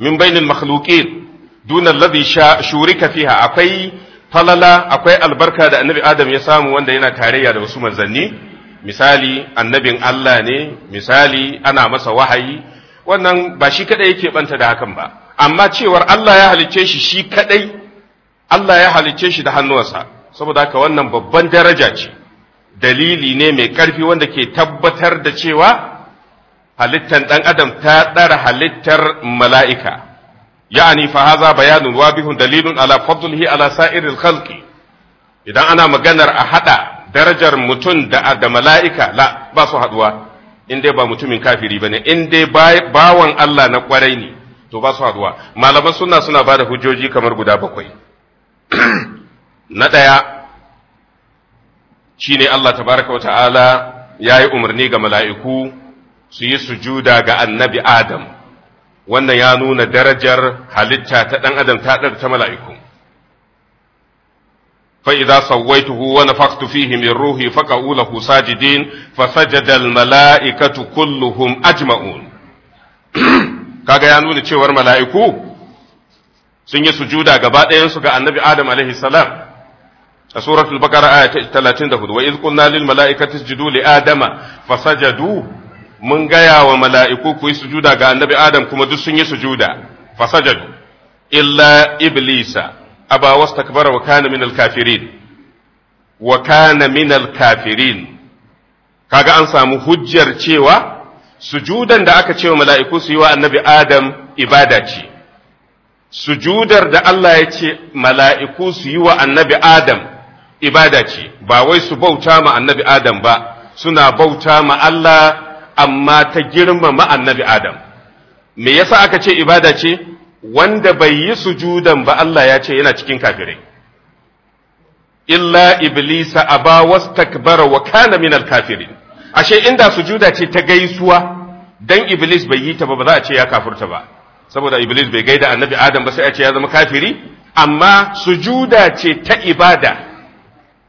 min bainil makhluqin duna alladhi shurika fiha akwai falala akwai albarka da annabi Adam ya samu wanda yana tarayya da wasu manzanni misali annabin Allah ne misali ana masa wahayi wannan ba shi kadai yake banta da hakan ba amma cewar Allah ya halicce shi shi kadai Allah ya halicce shi da hannuwansa saboda haka wannan babban daraja ce dalili ne mai ƙarfi wanda ke tabbatar da cewa halittar ɗan adam ta ɗara halittar mala'ika ya'ani fahaza haza bayanun wabihun dalilun ala fadlihi ala sa'irin halki. idan ana maganar a haɗa darajar mutum da da mala'ika la ba su haɗuwa in dai ba mutumin kafiri bane in dai bawan Allah na kwarai ne to ba su haɗuwa malaman suna suna ba da hujjoji kamar guda bakwai <clears throat> na ɗaya ne Allah tabaraka wa ta'ala yayi umarni ga mala'iku su yi sujuda ga annabi Adam wannan ya nuna darajar halitta ta dan adam ta ta mala'iku fa idza sawaituhu wa nafaqtu fihi min ruhi faqa'u lahu sajidin fasajada al mala'ikatu kulluhum ajma'un <clears throat> kaga ya nuna cewar mala'iku sun yi sujuda gaba ɗayan ga annabi Adam alaihi salam a suratul baqara aya ta 34 wa iz qulna lil mala'ikati isjudu li adama fasajadu mun gaya wa mala'iku ku yi sujuda ga annabi adam kuma duk sun yi sujuda fasajadu illa iblisa aba wastakbara wa kana minal kafirin wa kana minal kafirin kaga an samu hujjar cewa sujudan da aka ce wa mala'iku su yi wa annabi adam ibada ce sujudar da Allah ya ce mala'iku su yi wa annabi adam ibada ce ba wai su bauta ma annabi adam ba suna bauta ma Allah amma ta girmama annabi adam me yasa aka ce ibada ce wanda bai yi sujudan ba Allah ya ce yana cikin kafirai illa iblisa aba wastakbara wa kana minal kafirin ashe inda sujuda ce ta gaisuwa dan iblis bai yi ta ba ba za a ce ya kafurta ba saboda iblis bai gaida annabi adam ba sai a ce ya zama kafiri amma sujuda ce ta ibada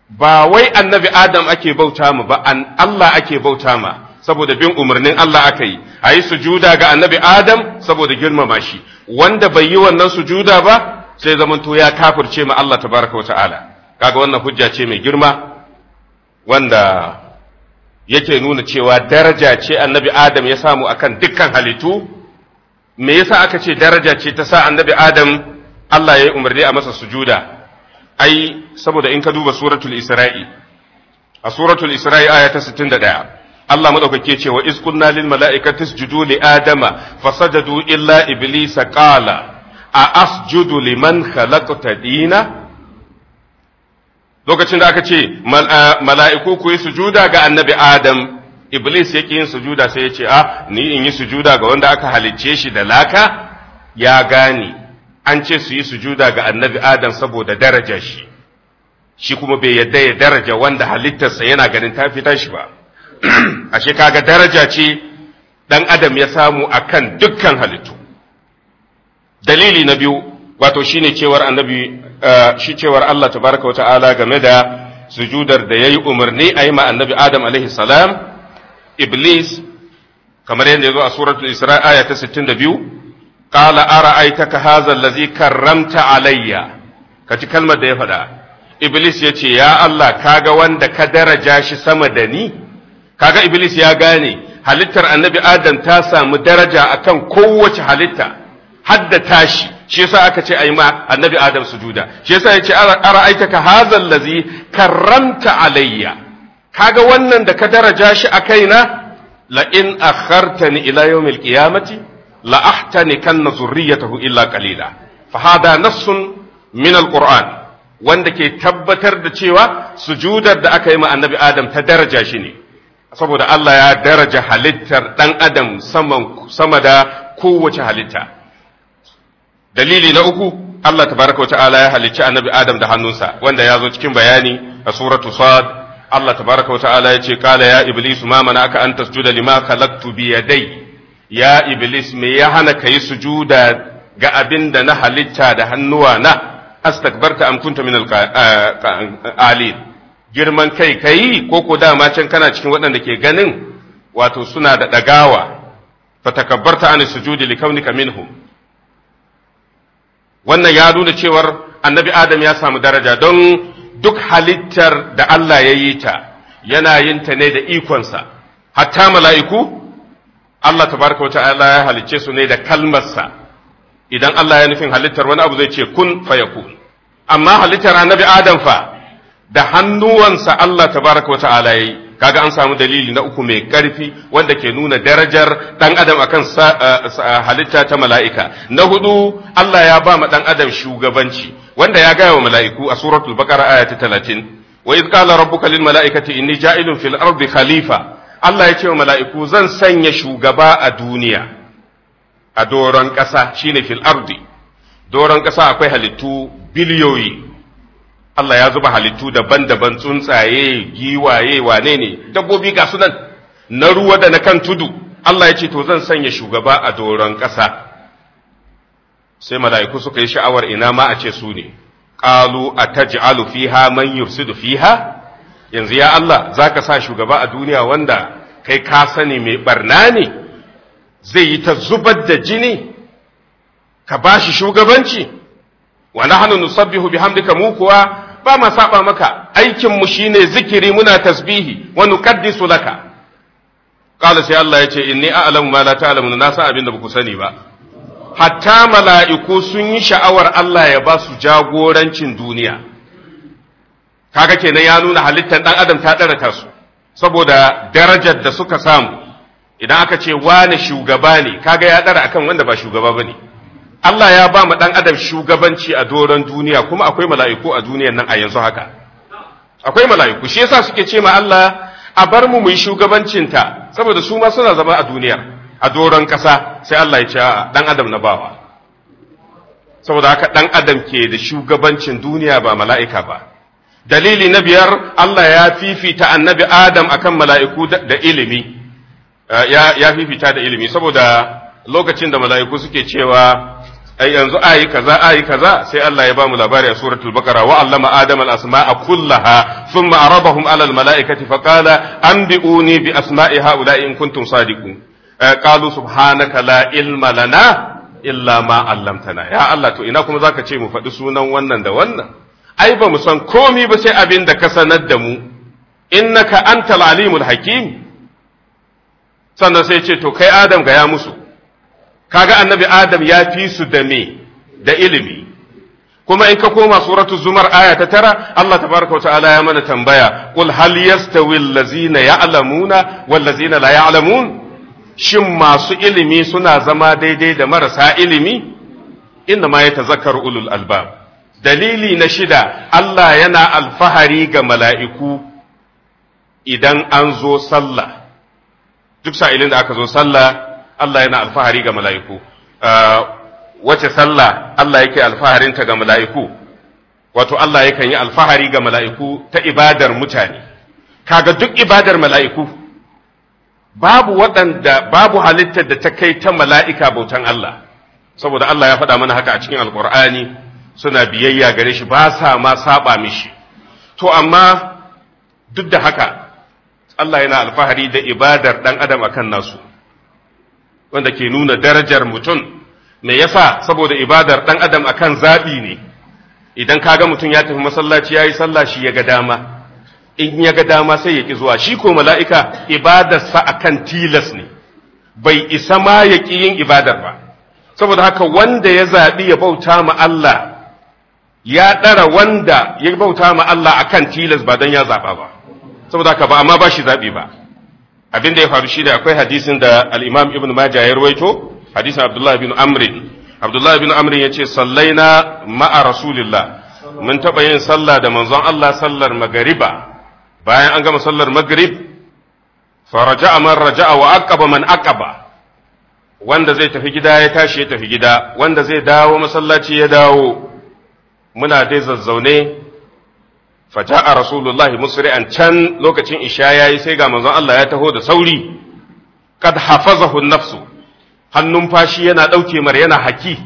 ba wai annabi adam ake bauta mu ba an Allah ake bauta ma saboda bin umarnin Allah aka yi Ayi yi sujuda ga annabi adam saboda girmama shi wanda bai yi wannan sujuda ba sai zamanto ya kafirce ma Allah tabaraka wa ta'ala kaga wannan hujja ce mai girma wanda yake nuna cewa daraja ce annabi adam ya samu akan dukkan halittu me yasa aka ce daraja ce ta sa annabi adam Allah ya yi umarni a masa sujuda ai saboda in ka duba suratul isra'i a suratul isra'i aya ta 61 Allah madaukake ce wa iz qulna lil mala'ikati li adama fasajadu illa Iblis, qala a asjudu liman khalaqta dina lokacin da aka ce mala'iku ku yi sujuda ga annabi adam iblis yake yin sujuda sai ya ce a ah, ni in yi sujuda ga wanda aka halicce shi da laka ya gane an ce su yi sujuda ga annabi adam saboda daraja shi shi kuma bai yadda ya daraja wanda halittarsa yana ganin ta fita shi ba <clears throat> ashe kaga daraja ce dan adam ya samu akan dukkan halittu dalili na biyu wato shine cewar annabi eh, shi cewar Allah tabaraka wata'ala game da sujudar da yayi umarni a yi ma annabi adam alaihi salam iblis kamar yadda ya zo a suratul isra aya ta 62 qala ara'aytaka hadha allazi karramta alayya kaji kalmar da ya faɗa iblis ya ce ya Allah kaga wanda ka daraja shi sama da ni kaga iblis ya gane halittar annabi adam ta samu daraja akan kowace halitta hadda tashi shi yasa aka ce ai ma annabi adam sujuda shi yasa yace ara'aitaka hadha allazi karramta alayya kaga wannan da ka daraja shi a kaina la in akhartani ila yawmil qiyamati la ahtanikanna zurriyatahu illa qalila fa hada nassun min alquran wanda ke tabbatar da cewa sujudar da aka yi ma annabi adam ta daraja shi ne saboda Allah ya daraja halittar ɗan adam sama da kowace halitta dalili na uku Allah tabaraka wa ta'ala ya halicci annabi adam da hannunsa wanda ya zo cikin bayani a suratu sad Allah tabaraka wa ta'ala ya ce qala ya iblisu ma mana'aka an tasjuda lima khalaqtu bi yadayya ya iblis me ya hana ka yi sujuda ga abin da na halitta da hannuwa na astakbarta am kunta min alil girman kai kai ko ko dama can kana cikin waɗanda ke ganin wato suna da ɗagawa takabbarta an sujudi kaunika minhum wannan ya nuna cewar annabi adam ya samu daraja don duk halittar da Allah ya yi ta yana yin ta ne da ikonsa hatta mala'iku Allah tabaraka wa ta'ala ya halicce su ne da kalmarsa idan Allah ya nufin halittar wani abu zai ce kun fayakun amma halittar annabi Adam fa da hannuwansa Allah tabaraka wa ta'ala yayi kaga an samu dalili na uku mai karfi wanda ke nuna darajar dan adam akan halitta ta mala'ika na hudu Allah ya ba ma dan adam shugabanci wanda ya gaya wa mala'iku a suratul baqara aya ta 30 wa idh qala rabbuka lil mala'ikati inni ja'ilun fil ardi khalifa Allah ya ce wa mala'iku zan sanya shugaba a duniya a doron ƙasa shine fil ardi doron ƙasa akwai halittu biliyoyi Allah ya zuba halittu daban-daban tsuntsaye giwaye wane ne dabbobi ga sunan na ruwa da na kan tudu Allah ya ce to zan sanya shugaba a doron ƙasa sai mala'iku suka yi sha'awar ina ma a ce su ne ƙalu a taj'alu fiha man fiha yanzu ya Allah za ka sa shugaba a duniya wanda kai ka sani mai barna ne zai yi ta zubar da jini ka ba shi shugabanci wa nusabihu bi hamdika mu kuwa ba ma saba maka aikin mu ne zikiri muna tasbihi wani kaddi su laka qala sai Allah ya ce in inni a'lamu ma la alamu, na san abin da ku sani ba hatta mala'iku sun yi sha'awar Allah ya ba su jagorancin duniya kaga kenan ya nuna halittar dan adam ta dara su saboda darajar da suka samu idan aka ce wani shugaba ne kaga ya dara akan wanda ba shugaba bane Allah ya ba mu dan adam shugabanci a doron duniya kuma akwai mala'iku a duniyar nan a yanzu haka akwai mala'iku shi yasa suke ce ma Allah a bar mu mu shugabancin ta saboda su ma suna zama a duniya a doron kasa sai Allah ya ce dan adam na bawa saboda haka dan adam ke da shugabancin duniya ba mala'ika ba dalili na biyar Allah ya fifita annabi Adam akan mala'iku da ilimi eh, ya fifita da ilimi saboda lokacin da mala'iku suke cewa ai yanzu ayi kaza ayi kaza sai Allah ya bamu labari a suratul baqara wa allama adam al asma'a kullaha thumma aradahum ala al mala'ikati fa qala anbi'uni bi asma'i haula'i in kuntum sadiqun eh, qalu subhanaka la ilma lana illa ma 'allamtana ya Allah to ina kuma zaka ce mu faɗi sunan wannan da wannan ai ba mu san komi ba sai abin da ka sanar da mu innaka antal alimul hakim sannan sai ce to kai adam ga ya musu kaga annabi adam ya fi su da me da ilimi kuma in ka koma suratu zumar aya ta tara Allah tabaraka wa ta'ala ya mana tambaya qul hal yastawi allazina ya'lamuna wal ladzina la ya'lamun shin masu ilimi suna zama daidai da marasa ilimi inna ma yatazakkaru ulul albab dalili na shida Allah yana alfahari ga mala'iku idan an zo sallah duk sa'ilin da aka zo sallah Allah yana alfahari ga mala'iku ah, wace sallah Allah yake alfaharinta ga mala'iku wato Allah yakan yi alfahari ga mala'iku ta ibadar mutane kaga duk ibadar mala'iku babu waɗanda babu halittar da ta kai ta mala'ika bautan Allah saboda Allah ya faɗa mana haka a cikin alƙur'ani suna biyayya gare shi ba sa ma saba mishi to amma duk da haka Allah yana alfahari da ibadar ɗan adam akan nasu wanda ke nuna darajar mutum me yasa saboda ibadar ɗan adam akan zaɓi ne idan kaga mutum ya tafi masallaci ya yi sallah shi ya ga dama in ya ga dama sai ya ƙi zuwa shi ko mala'ika ibadar sa akan tilas ne bai isa ma ya yin ibadar ba saboda haka wanda ya zaɓi ya bauta ma Allah ya ɗara wanda ya bauta ma Allah a kan tilas ba don ya zaɓa ba saboda haka ba amma ba shi zaɓi ba abin da ya faru shi da akwai hadisin da al'imam ibn majah ya rawaito hadisin abdullah ibn amrin abdullah bin amrin ya ce sallaina ma'a rasulillah mun taɓa yin sallah da manzon Allah sallar magariba bayan an gama sallar magrib a man raja'a wa aqaba man aqaba wanda zai tafi gida ya tashi ya tafi gida wanda zai dawo masallaci ya dawo muna dai zazzaune faja'a rasulullahi musri'an can lokacin isha yi sai ga manzon Allah ya taho da sauri kad hafazahu nafsu hannun fashi yana dauke mar yana haki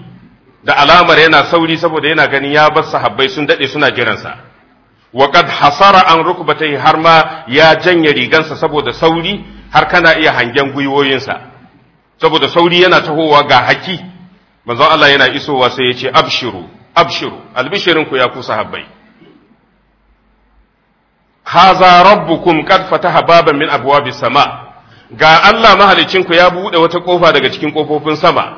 da alamar yana sauri saboda yana gani ya bar sahabbai sun dade suna jiransa wa kad hasara an rukbatai har ma ya janye rigansa saboda sauri har kana iya hangen gwiwoyinsa saboda sauri yana tahowa ga haki manzon Allah yana isowa sai ya ce abshiru abshiru albishirinku ya ku sahabbai haza rabbukum kad fataha baban min abwabis sama ga Allah mahalicinku ya buɗe wata kofa daga cikin kofofin sama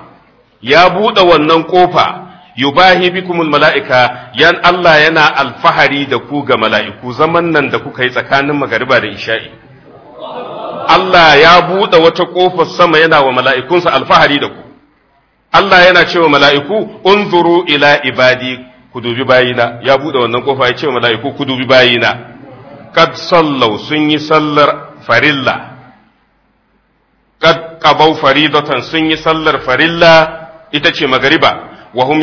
ya buɗe wannan ƙofa yubahi bikumul mala'ika yan Allah yana alfahari da ku ga mala'iku zaman nan da kuka yi tsakanin magariba da isha'i Allah ya buɗe wata ƙofar sama yana wa mala'ikunsa alfahari da ku Allah yana cewa mala'iku unzuru ila ibadi ku dubi bayina ya bude wannan kofa ya cewa mala'iku ku dubi bayina kad sallau sun yi sallar farilla kad qabau faridatan sun yi sallar farilla ita ce magariba wa hum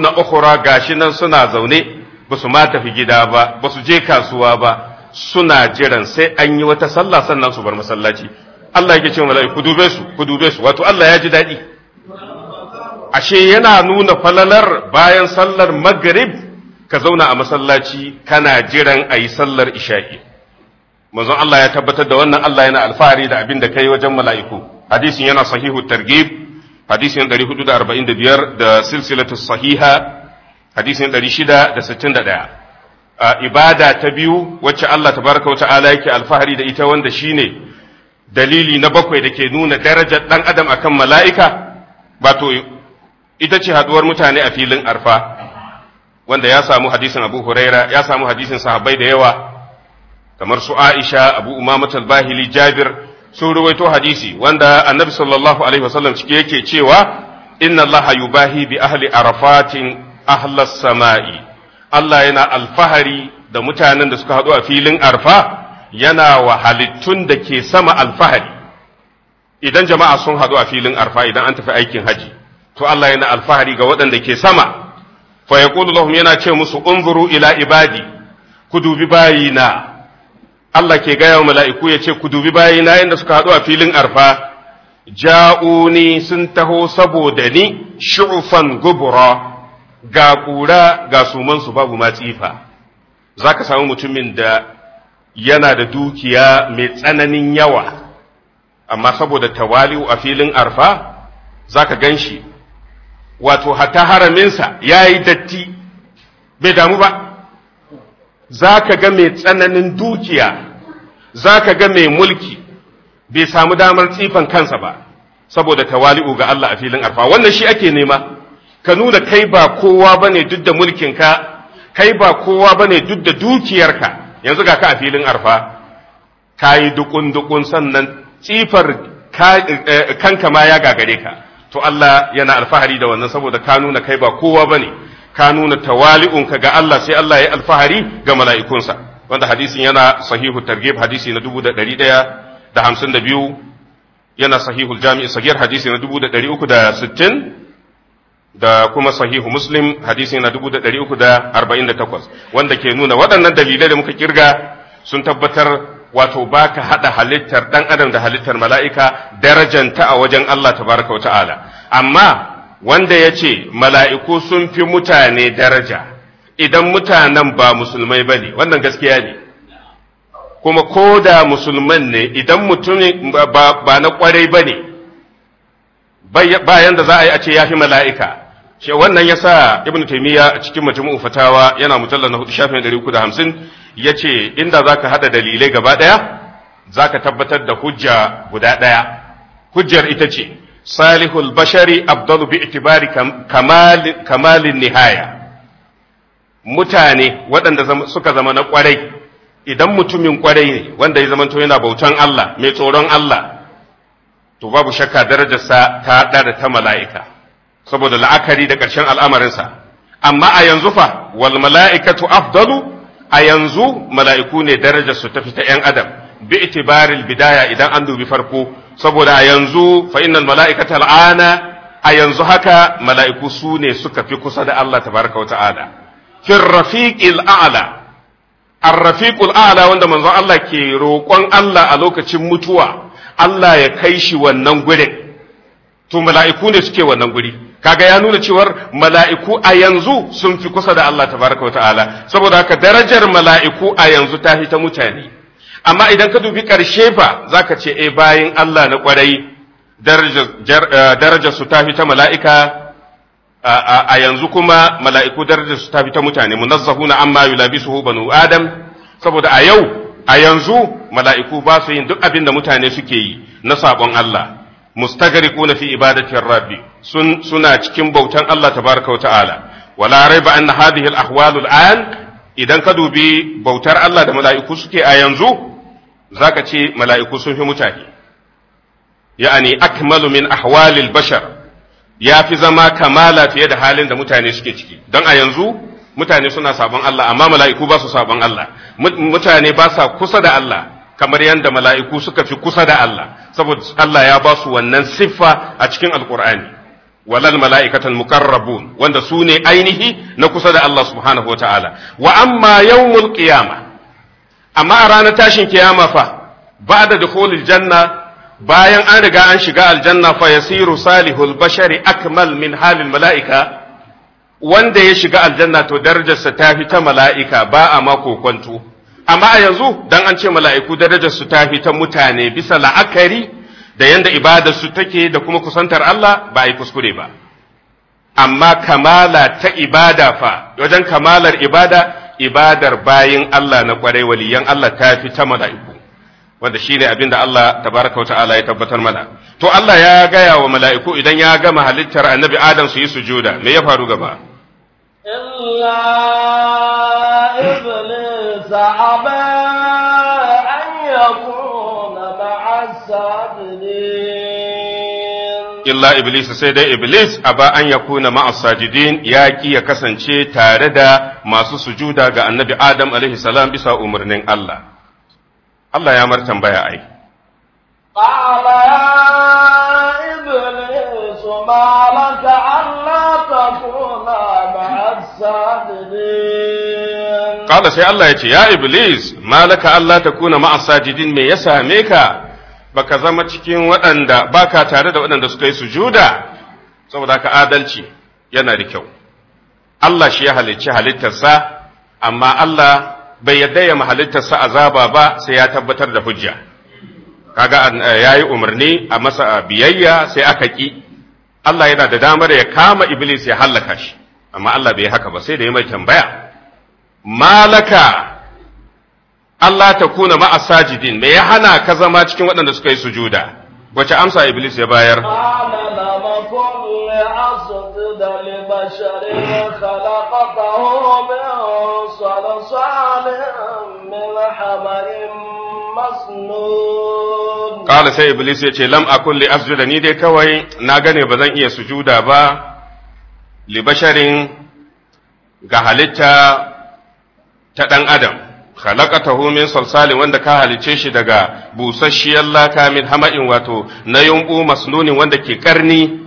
na ukhra gashi nan suna zaune ba su ma tafi gida ba ba su je kasuwa ba suna jiran sai an yi wata sallah sannan su bar masallaci Allah yake ce mala'iku dube su ku dube su wato Allah ya ji daɗi ashe yana nuna falalar bayan sallar maghrib ka zauna a masallaci kana jiran a yi sallar isha'i manzon Allah ya tabbatar da wannan Allah yana alfahari da abin da kai wajen mala'iku hadisin yana sahihu targhib hadisin 445 da silsilatu sahiha hadisin 661 ibada ta biyu wacce Allah baraka wa ta'ala yake alfahari da ita wanda shine dalili na bakwai da ke nuna darajar dan adam akan mala'ika wato ita ce haduwar mutane a filin arfa wanda ya samu hadisin abu huraira ya samu hadisin sahabbai da yawa kamar su aisha abu umama al jabir sun ruwaito hadisi wanda annabi sallallahu alaihi wasallam cike yake cewa inna allaha yubahi bi ahli arafatin ahlas sama'i Allah yana alfahari da mutanen da suka haɗu a filin arfa yana wa halittun da ke sama alfahari idan jama'a sun haɗu a filin arfa idan an tafi aikin haji to Allah yana alfahari ga waɗanda ke sama fa yaqulu lahum yana ce musu unzuru ila ibadi ku dubi bayina Allah ke gaya wa mala'iku ya ce ku dubi bayina inda suka haɗu a filin arfa ja'uni sun taho saboda ni shu'ufan gubura ga ƙura ga sumansu babu matsifa tsifa za ka samu mutumin da yana da dukiya mai tsananin yawa amma saboda tawali'u a filin arfa za ka gan shi wato hatta haraminsa ya yi datti bai damu ba za ka ga mai tsananin dukiya za ka ga mai mulki bai samu damar tsifan kansa ba saboda tawali'u ga Allah a filin arfa wannan shi ake nema ka nuna kai ba kowa bane duk da mulkinka kai ba kowa bane duk da dukiyar ka. yanzu ga ka a filin arfa ka yi dukun dukun sannan tsifar eh, eh, kanka ma ya gagare ka to Allah yana alfahari da wannan saboda ka nuna kai ba kowa ba ne ka nuna tawali'unka ga Allah sai Allah ya alfahari ga mala'ikunsa wanda hadisin yana sahihu targhib hadisi na dubu da da da hamsin biyu yana sahihu jami'i sagir hadisi na dubu da uku da Da sittin. kuma sahihu muslim hadisi na dubu da da da uku arba'in takwas wanda ke nuna waɗannan dalilai da muka kirga sun tabbatar wato baka hada halittar dan adam da halittar mala'ika darajanta a wajen Allah baraka wa ta'ala amma wanda ya ce mala'iku sun fi mutane daraja idan mutanen ba musulmai ba ne wannan gaskiya ne kuma ko da musulman ne idan mutum ba na kwarai ba ne bayan da za a yi a ce ya fi mala'ika shi wannan ya sa taymiya taimiyya cikin mutum fatawa yana mujallar na hudu shafin 350 ya ce inda za ka haɗa dalilai gaba ɗaya za ka tabbatar da hujja guda ɗaya hujjar ita ce salihul bashari abdalu bi itibari kamalin nihaya mutane waɗanda suka zama na ƙwarai idan mutumin ƙwarai ne wanda ya zamanto yana bautan Allah mai tsoron Allah to babu shakka darajarsa ta ɗara ta mala'ika saboda la'akari da ƙarshen al'amarinsa amma a yanzu fa wal mala'ikatu afdalu a yanzu mala'iku ne darajar su tafi ta ‘yan adam bi itibaril bidaya idan an dubi farko saboda a yanzu fa innal mala'ikata a yanzu haka mala'iku su ne suka fi kusa da Allah Ta wa ta'ala fil rafiqil a'la ar-rafiqul a'la wanda manzon Allah ke roƙon Allah a lokacin mutuwa Allah ya kai shi wannan gudun. to mala'iku ne suke wannan guri kaga ya nuna cewar mala'iku a yanzu sun fi kusa da Allah Ta baraka wa ta'ala saboda haka darajar mala'iku a yanzu ta fi ta mutane amma idan ka dubi ƙarshe fa ka ce e eh, bayan Allah na kwarai eh, darajar su ta fi ta mala'ika a yanzu kuma mala'iku darajar su ta fi ta mutane munazzahuna amma banu adam saboda a yau a yanzu mala'iku ba su yin duk abin da mutane suke yi na sabon Allah mustagriquna fi ibadati rabbi sun suna cikin bautan Allah tabaraka wa ta'ala wala raiba anna hadhihi al-ahwal al-an idan ka dubi bautar Allah da mala'iku suke a yanzu zaka ce mala'iku sun fi mutane ya'ani akmalu min ahwali al-bashar ya fi zama kamala fiye da halin da mutane suke ciki don a yanzu mutane suna sabon Allah amma mala'iku ba su sabon Allah mutane ba sa kusa da Allah kamar yadda mala'iku suka fi kusa da Allah saboda Allah ya ba su wannan siffa a cikin alkur'ani walal mala'ikatan mukarrabun wanda su ne ainihi na kusa da Allah subhanahu wa ta'ala wa amma yawmul qiyama amma a ranar tashin kiyama fa ba da dukhulil janna bayan an riga an shiga aljanna fa yasiru salihul bashari akmal min halin mala'ika wanda ya shiga aljanna to darajarsa ta fi ta mala'ika ba a ma kwanto amma a yanzu dan an ce mala'iku darajar su ta fi ta mutane bisa la'akari da yanda ibadar su take da kuma kusantar Allah ba a yi kuskure ba amma kamala ta ibada fa wajen kamalar ibada ibadar bayin Allah na kwarai waliyan Allah ta fi ta mala'iku wanda shi ne abin da Allah tabaraka wa ta'ala ya tabbatar mana to Allah ya gaya wa mala'iku idan ya gama halittar annabi Adam su yi sujuda me ya faru gaba فأبى أن يكون مع الساجدين إلا إبليس سيدة إبليس أبى أن يكون مع الساجدين ياكي يكسن شيء تاردا ما سجودا النبي آدم عليه السلام بسا أمرنين الله الله يا مرتن بيا أي قال يا إبليس ما لك ألا تكون مع الساجدين Kala sai Allah ya ce, Ya Iblis, malaka Allah ta kuna ma'asa ma'asajidin me ya same ka, baka zama cikin waɗanda baka tare da waɗanda suka yi sujuda, saboda ka adalci yana da kyau. Allah shi ya halicci halittarsa, amma Allah bai yadda ya mahalittarsa azaba ba sai ya tabbatar da hujja. Kaga eh, ya yi umarni a masa biyayya sai aka ƙi, Allah yana da damar ya kama Iblis ya hallaka shi, amma Allah bai haka ba sai da ya mai tambaya. malaka Allah ta kuna a sajidin mai ya hana ka zama cikin waɗanda suka yi sujuda wace amsa iblis ya bayar Kala sai Iblis ya ce, Lam a kulli asjuda ni dai kawai na gane ba zan iya sujuda ba, libasharin ga halitta ta ɗan adam ta min salsalin wanda ka halice shi daga busasshiyar laka min hama'in wato na yumbu masnunin wanda ke ƙarni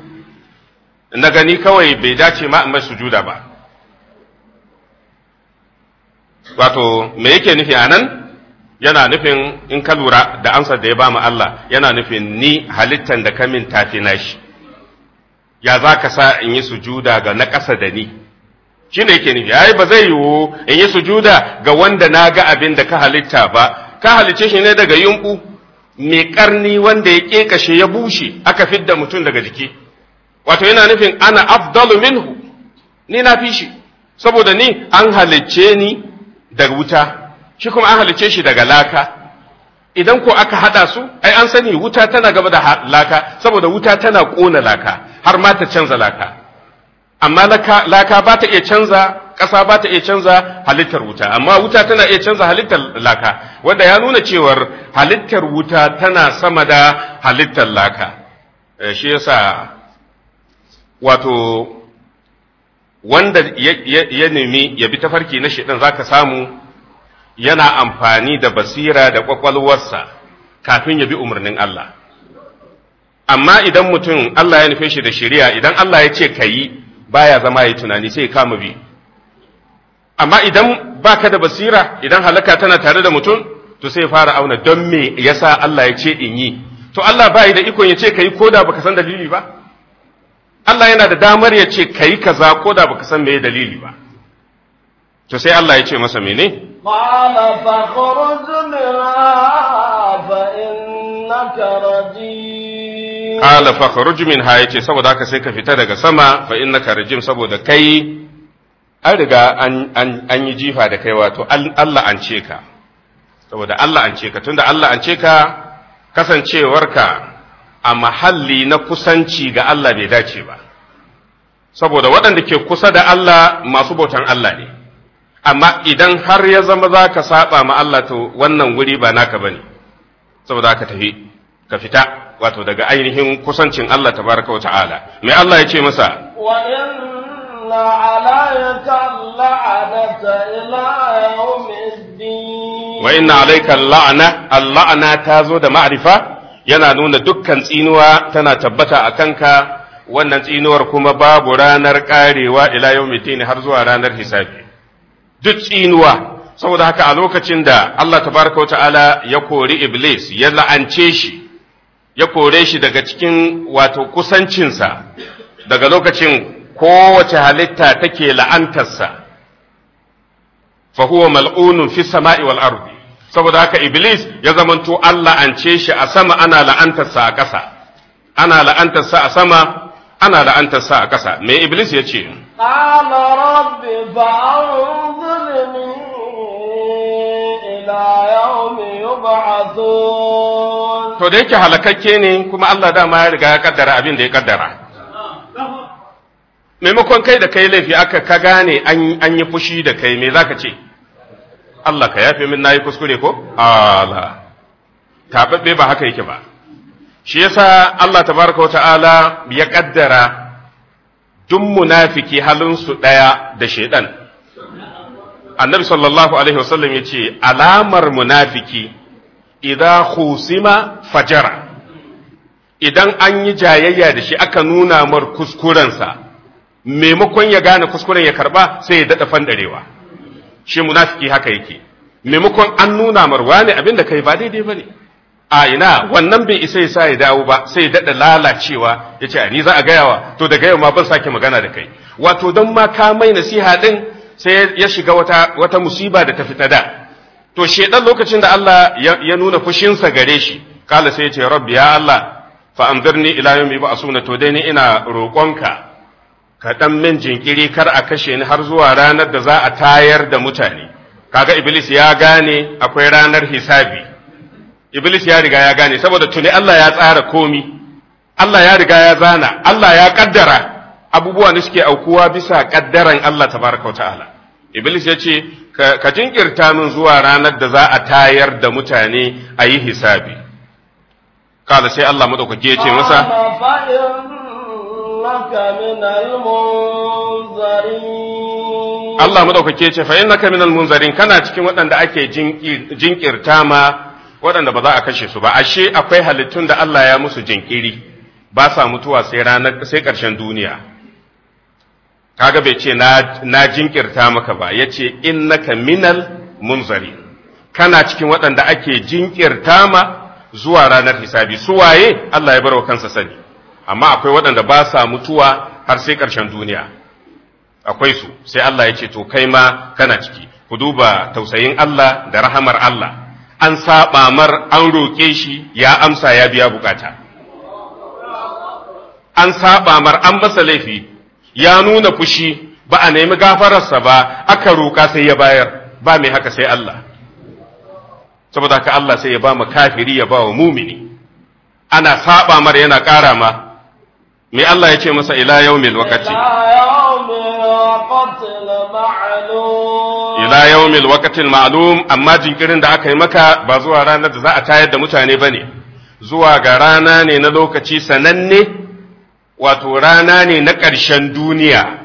na gani kawai bai dace ma mai sujuda ba wato me yake nufi anan yana nufin in ka lura da ansa da ya ba mu Allah yana nufin ni halittan da kamin tafi na shi ya za ka sa in yi sujuda ga na ƙasa da ni shi ne yake nufi ai ba zai yiwu in yi sujuda ga wanda na ga abin da ka halitta ba ka halicce shi ne daga yunku mai karni wanda ya kekashe ya bushe aka fidda mutum daga jiki wato yana nufin ana afdalu minhu ni na fi shi saboda ni an halicce ni daga wuta shi kuma an halicce shi daga laka idan ko aka hada su ai an sani wuta tana gaba da laka saboda wuta tana kona laka har ma ta canza laka amma laka ba ta iya canza ƙasa ba ta iya canza halittar wuta amma wuta tana iya canza halittar laka wanda ya nuna cewar halittar wuta tana sama da halittar laka eh, shi yasa wato wanda ya nemi ya bi tafarki na shiɗin za ka samu yana amfani da basira da ƙwaƙwalwarsa kafin ya bi umarnin Allah amma idan mutum Allah ya nufe shi da shari'a idan Allah ya ce ka yi baya zama ya tunani sai ya kama bi amma idan baka da basira idan halaka tana tare da mutum to sai fara auna don me yasa Allah ya ce in yi to Allah bai da ikon ya ce kai koda baka san dalili ba Allah yana da damar ya ce kai kaza koda baka san me dalili ba to sai Allah ya ce masa mene qala fa ra fa innaka radin qala fakhruj minha yace saboda haka sai ka fita daga sama fa innaka rajim saboda kai an riga an yi jifa da kai wato Allah an ce ka saboda Allah an ce ka tunda Allah an ce ka kasancewarka a mahalli na kusanci ga Allah bai dace ba saboda waɗanda ke kusa da Allah masu bautan Allah ne amma idan har ya zama za ka saba ma Allah to wannan wuri ba naka ba ne saboda ka tafi ka fita wato daga ainihin kusancin Allah tabaraka wa ta'ala mai Allah ya ce masa wa inna al'aana ta ila wa inna alayka la'ana al-la'ana da ma'rifa yana nuna dukkan tsinuwa tana tabbata a kanka wannan tsinuwar kuma babu ranar karewa ila yawmiddin har zuwa ranar hisabi duk tsinuwa saboda haka a lokacin da Allah tabaraka wa ta'ala ya kori iblis ya la'ance shi ya kore shi daga cikin wato kusancinsa daga lokacin kowace halitta take la'antarsa fahuwa mal'unun fi sama'i wal saboda haka iblis ya zamanto Allah an ce shi a sama ana la'antarsa a ƙasa ana la'antarsa a sama ana la'antarsa a ƙasa me iblis ya ce rabbi ila yawmi yub'athun to da yake halakakke ne kuma Allah dama ya riga ya kaddara abin da ya kaddara maimakon kai da kai laifi aka ka gane an yi fushi da kai me zaka ce Allah ka yafe min nayi kuskure ko ala taɓaɓɓe ba haka yake ba shi yasa Allah Ta tabaraka ta'ala ya kaddara duk munafiki su ɗaya da shaidan annabi sallallahu alaihi wasallam ya ce alamar munafiki idan khusima fajara idan an yi jayayya da shi aka nuna mar kuskurensa maimakon ya gane kuskuren ya karba sai ya daɗa fandarewa shi munafiki haka yake maimakon an nuna mar wani abin da kai ba daidai ba ne a ina wannan bai isa ya ya dawo ba sai ya daɗa lalacewa ya ce ni za a gayawa to daga yau ma ban sake magana da kai wato don ma ka mai nasiha ɗin sai ya shiga wata wata musiba da ta fita da to shedan lokacin da Allah ya nuna fushinsa gare shi kala sai ya ce rabbi ya Allah fa anzirni ila yawmi suna, to dai ni ina roƙonka ka dan min jinkiri kar a kashe ni har zuwa ranar da za a tayar da mutane kaga iblis ya gane akwai ranar hisabi iblis ya riga ya gane saboda tuni Allah ya tsara komi Allah ya riga ya zana Allah ya ƙaddara. abubuwa da suke aukuwa bisa kaddaran Allah tabaraka wa ta'ala iblis ya ce ka jinkirta min zuwa ranar da za a tayar da mutane a yi hisabi Kada sai Allah madaukake ya ce masa Allah madaukake ya ce fa innaka minal munzarin kana cikin waɗanda ake jinkirta ma waɗanda ba za a kashe su ba ashe akwai halittun da Allah ya musu jinkiri ba sa mutuwa sai ranar sai ƙarshen duniya kaga bai ce na jinkirta maka ba ya ce innaka minal munzari kana cikin waɗanda ake jinkirta ma zuwa ranar hisabi su waye Allah ya barwa kansa sani amma akwai waɗanda ba sa mutuwa har sai ƙarshen duniya akwai su sai Allah ya ce to kai ma kana ciki ku duba tausayin Allah da rahamar Allah an saba mar an roƙe shi ya amsa ya biya bukata an saba mar an basa laifi ya nuna fushi ba a nemi gafararsa ba aka roƙa sai ya bayar ba mai haka sai Allah saboda haka Allah sai ya ba mu kafiri ya ba wa mumini ana saba mar yana ƙara ma mai Allah ya ce masa ila yaumil waqti ila yaumil waqti ma'lum amma jinkirin da aka yi maka ba zuwa ranar da za a tayar da mutane bane zuwa ga rana ne na lokaci sananne wato rana ne na ƙarshen duniya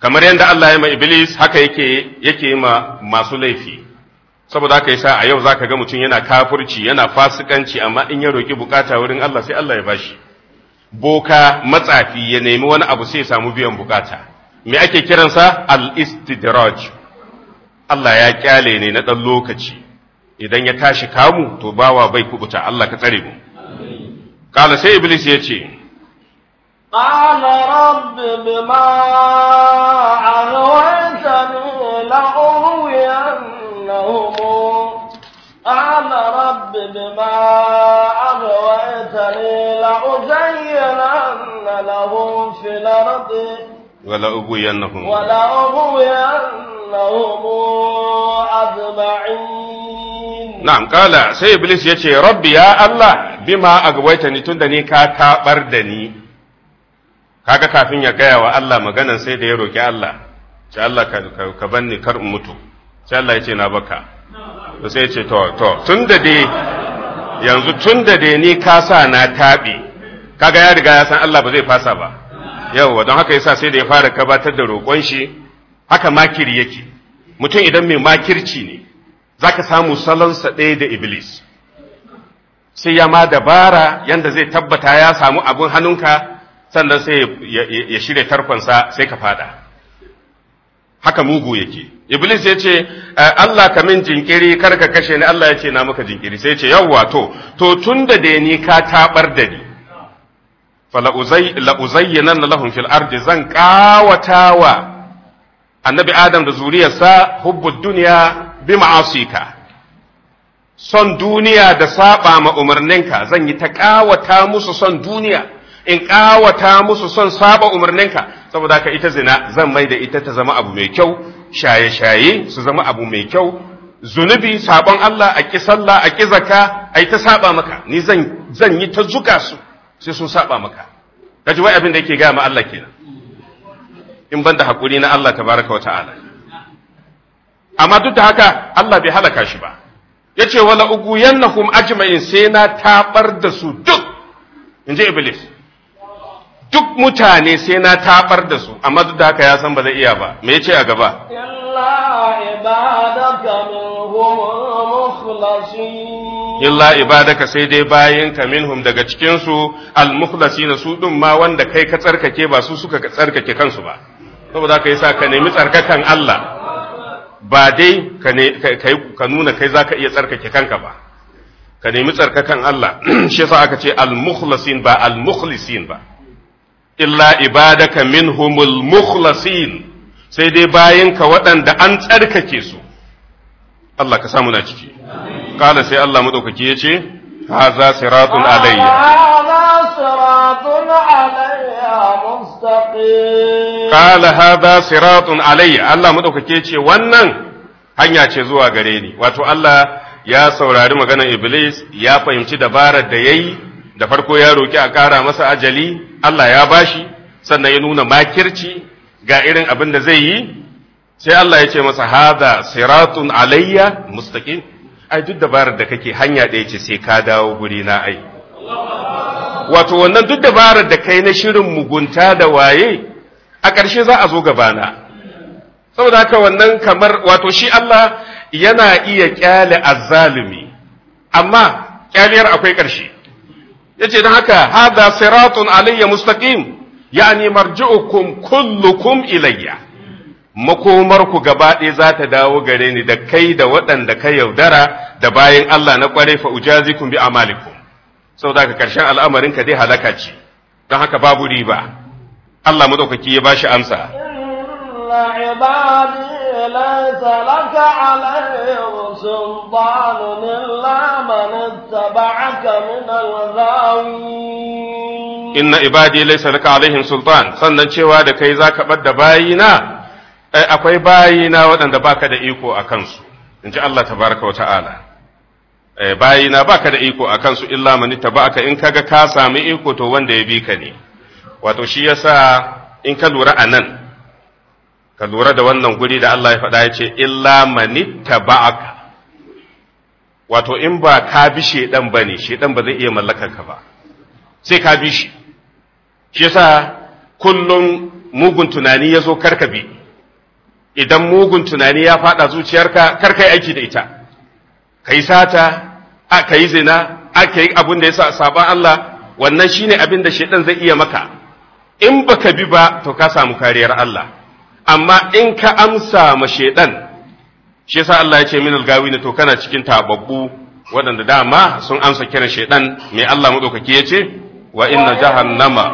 kamar yadda Allah ya ma Iblis haka yake yake ma masu laifi saboda haka yasa a yau zaka ga mutum yana kafirci yana fasikanci amma in ya roki bukata wurin Allah sai Allah ya bashi boka matsafi ya nemi wani abu sai ya samu biyan bukata me ake kiransa al-istidraj Allah ya kyale ne na ɗan lokaci idan ya tashi kamu to bawa bai kubuta Allah ka tsare mu قال سي ابليس يجي قال رب بما أغويتني لأغوينهم قال رب بما أغويتني لأزينن لهم في الأرض ولأغوينهم ولأغوينهم أجمعين na'am kala sai iblis ya ce rabbi ya Allah bima agwaita ni tunda ni ka tabar da ni kaga kafin ya gaya wa Allah magana sai da ya roki Allah sai Allah ka ka banni kar in mutu sai Allah ya ce na baka to sai ya ce to to tunda dai yanzu tunda dai ni ka sa na tabe kaga ya riga ya san Allah ba zai fasa ba yawwa don haka yasa sai da ya fara gabatar da roƙon shi haka makiri yake mutum idan mai makirci ne za ka samu salonsa ɗaya da iblis sai ya ma dabara yadda zai tabbata ya samu abin hannunka sannan sai ya shirya tarkonsa sai ka fada haka mugu yake iblis ya ce Allah ka min jinkiri karka kashe ni Allah ya ce na muka jinkiri sai ya ce yawwa to to tun da da ni ka tabar da ni nan lalahun fil ardi zan kawatawa annabi adam da zuriyarsa hubbud duniya bi ma'asika son duniya da saba ma umarninka zan yi ta kawata musu son duniya in kawata musu son saba umarninka saboda ka ita zina zan mai da ita ta zama abu mai kyau shaye-shaye su zama abu mai kyau zunubi sabon Allah a ki sallah a ki zaka ai ta saba maka ni zan zan yi ta zuka su sai sun saba maka kaji wai abin da yake ga ma Allah kenan in banda hakuri na Allah tabaraka wa ta'ala amma duk da haka Allah bai halaka shi ba yace wala uguyannahum ajma'in sai na tabar da su duk inji iblis duk mutane sai na tabar da su amma duk da haka ya san ba zai iya ba me yace a gaba illa ibadaka sai dai bayin ka minhum daga cikin su almukhlasina su din ma wanda kai ka tsarkake ba su suka tsarkake kansu ba saboda haka yasa ka nemi tsarkakan Allah ba dai ka nuna kai za ka iya tsarkake kanka ba ka nemi tsarkakan Allah <clears throat> shi aka ce al-mukhlasin ba al-mukhlisin ba illa ibadaka minhumul mukhlasin sai dai ka waɗanda an tsarkake su Allah ka samu na ciki Kala sai Allah ya ce. هذا صراط علي هذا صراط علي قال هذا صراط علي الله مدوكake ce wannan hanya ce zuwa gare ni wato Allah ya saurari maganar Iblis ya fahimci dabarar da yayi da farko ya roki a ƙara masa ajali Allah ya bashi sannan ya nuna makirci ga irin abin da zai yi sai Allah ya ce masa hada siratun alayya mustaqim ai duk dabarar da kake hanya ɗaya ce sai ka dawo guri na ai wato wannan duk dabarar da kai na shirin mugunta da waye a ƙarshe za a zo gabana saboda haka wannan kamar wato shi Allah yana iya kyale azzalumi amma kyaliyar akwai ƙarshe yace dan haka hada siratun alayya mustaqim yani marji'ukum kullukum ilayya makomarku gaba ɗaya za ta dawo gare ni da kai da waɗanda ka yaudara da bayan Allah na ƙware fa ujazi kun bi amalikum sau da ka ƙarshen al'amarin ka dai halaka ce don haka babu riba Allah matsaukaki ya bashi amsa Inna ibadi عليهم laka alaihim sultan sannan cewa da kai zaka bar da bayina Eh, akwai bayina waɗanda baka da iko a kansu in ji Allah tabaraka wa ta'ala eh, bayina baka da iko a kansu illa mani tabaka in kaga ka sami iko to wanda ya bi ka ne wato shi yasa in ka lura a nan ka lura da wannan guri da Allah ya faɗa ya ce illa mani tabaka wato in ba ka bi shedan ba ne shedan ba zai iya mallakar ba sai ka bi shi shi yasa kullum mugun tunani ya zo karka bi idan mugun tunani ya fada zuciyarka kar kai aiki da ita kai sata kai zina a yi abin da ya sa saban Allah wannan shine abin da shedan zai iya maka in baka bi ba to ka samu kariyar Allah amma in ka amsa ma shedan shi yasa Allah ya ce minal ne to kana cikin tababbu waɗanda dama sun amsa kiran shedan mai Allah madaukaki ya ce wa inna jahannama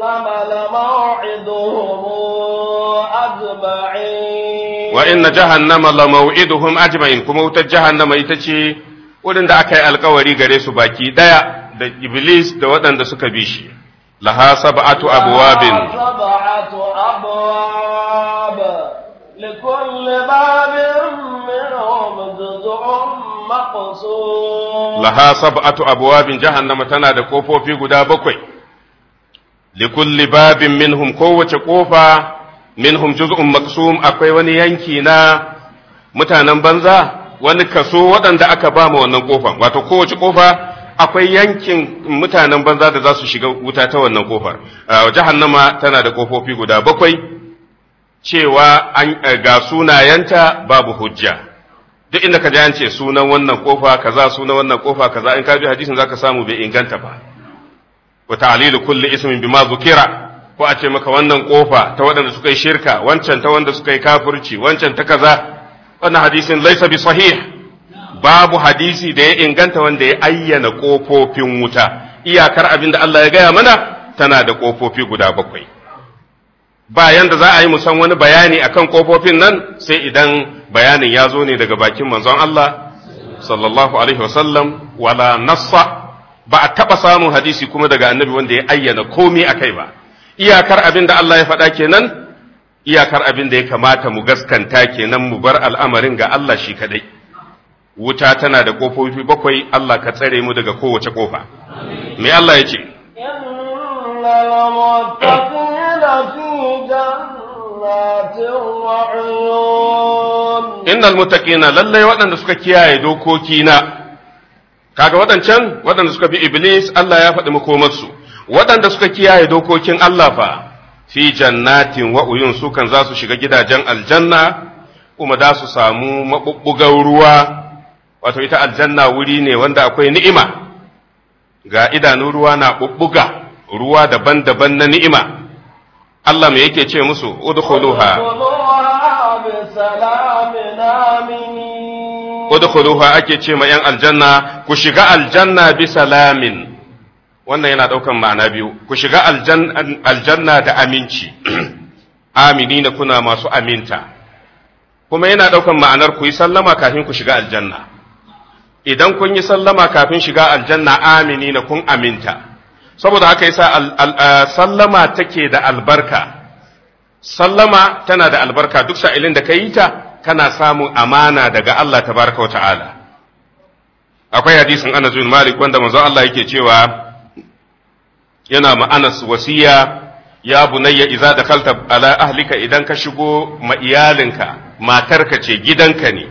جهنم لموعدهم أجمعين وإن جهنم لموعدهم أجمعين كما وتا جهنم يتشي ودن دا أكاي القواري غريسو باكي دايا da Iblis da waɗanda suka bi shi, laha sab'atu abwabin. sab'atu abwab, laha abwabin jahannama tana da kofofi guda bakwai likulli babin minhum kowace kofa minhum juz'un maksum akwai wani yanki na mutanen banza wani kaso waɗanda aka ba ma wannan kofan wato kowace kofa akwai yankin mutanen banza da za su shiga wuta ta wannan kofar jahannama tana da kofofi guda bakwai cewa eh, ga sunayenta babu hujja duk inda ka ji an ce sunan wannan kofa kaza sunan wannan kofa kaza in ka bi hadisin zaka samu bai inganta ba wa ta'lilu kulli ismin bima zukira ko a ce maka wannan kofa ta waɗanda suka yi shirka wancan ta wanda suka yi kafirci wancan ta kaza wannan hadisin laisa bi sahih babu hadisi da ya inganta wanda ya ayyana kofofin wuta iyakar abin da Allah ya gaya mana tana da kofofi guda bakwai bayan da za a yi musan wani bayani akan kofofin nan sai idan bayanin ya zo ne daga bakin manzon Allah sallallahu alaihi wasallam wala nassa ba a taɓa samun hadisi kuma daga annabi wanda ya ayyana komi a kai ba iyakar abin da Allah ya faɗa kenan iyakar abin da ya kamata mu gaskanta kenan mu bar al'amarin ga Allah shi kadai wuta tana da ƙofofi bakwai Allah ka tsare mu daga kowace ƙofa me Allah ya ce innal muttaqina lallai waɗanda suka kiyaye dokokina. na kaga waɗancan waɗanda suka bi iblis Allah ya faɗi makomarsu waɗanda suka kiyaye dokokin Allah fa fi jannatin wa uyun sukan za su shiga gidajen aljanna kuma za su samu maɓuɓɓugan ruwa wato ita aljanna wuri ne wanda akwai ni'ima ga idanun ruwa na ɓuɓɓuga ruwa daban-daban na ni'ima Allah me yake ce musu udkhuluha bi amin udkhuluha ake ce ma yan aljanna ku shiga aljanna bi salamin wannan yana daukan ma'ana biyu ku shiga aljanna da aminci <clears throat> aminina kuna masu aminta kuma yana daukan ma'anar ku yi sallama kafin ku shiga aljanna idan kun yi sallama kafin shiga aljanna aminina kun aminta saboda haka yasa sallama take da albarka sallama tana da albarka duk sa'ilin da ka yi ta kana samun amana daga Allah ta baraka ta'ala akwai hadisin Anas bin Malik wanda mazo Allah yake cewa yana ma’anas wasiya ya bunayya da kalta ala ahlika idan ka shigo ma iyalinka matarka ce gidanka ne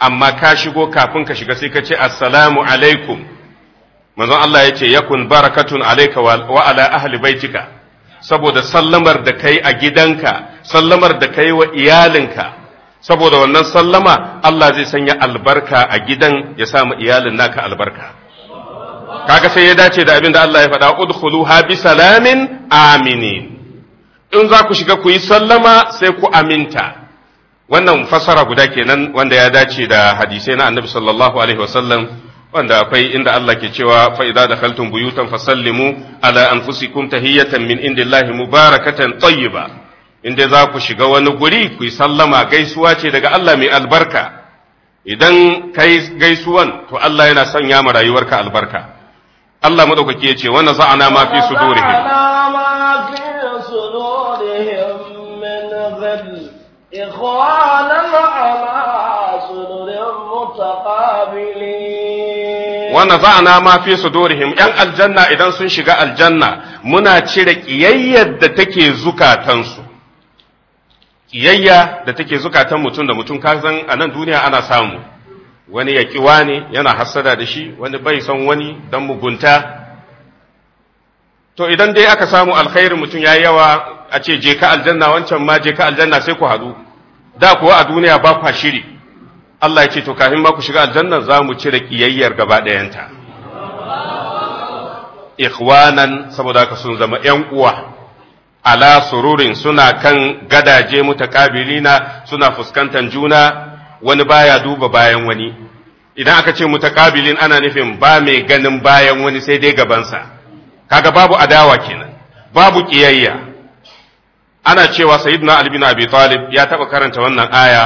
amma ka shigo kafin ka shiga sai ka ce assalamu alaikum mazo Allah ya ce yakun barakatun alaika wa ala ahli baitika saboda sallamar da kai a gidanka sallamar da kai wa iyalinka saboda wannan sallama Allah zai sanya albarka a gidan ya samu iyalin naka albarka kaga sai ya dace da abin da Allah ya faɗa udkhuluha bi salamin aminin in za ku shiga ku yi sallama sai ku aminta wannan fassara guda kenan wanda ya dace da hadisai na annabi sallallahu alaihi wasallam wanda akwai inda Allah ke cewa fa idza dakhaltum buyutan fasallimu ala anfusikum tahiyatan min indillahi mubarakatan tayyiba inda za ku shiga wani guri ku yi sallama gaisuwa ce daga Allah mai albarka idan ka yi gaisuwan to Allah yana sanya ma rayuwarka albarka Allah madaukaki ya ce wa naza'ana ma fi sudurihim إخوانا على سرر متقابلين ونزعنا ما في صدورهم ‘yan aljanna idan sun shiga aljanna muna cire ƙiyayyar da take zukatansu Kiyayya da take zukatan mutum da mutum kazan a nan duniya ana samu wani ya kiwa ne yana hassada da shi wani bai son wani don mugunta to idan dai aka samu alkhairin mutum ya yawa a ce je ka aljanna wancan ma je ka aljanna sai ku haɗu da kuwa a duniya ba ku shiri Allah ya ce to kafin ma ku shiga aljanna za mu cire kiyayyar gaba ɗayanta ikhwanan saboda ka sun zama ƴan uwa ala sururin suna kan gadaje mutakabilina, suna fuskantar juna wani baya duba bayan wani idan aka ce mutakabilin ana nufin ba mai ganin bayan wani sai dai gabansa kaga babu adawa kenan babu kiyayya ana cewa sayyidina ali bin abi talib ya taba karanta wannan aya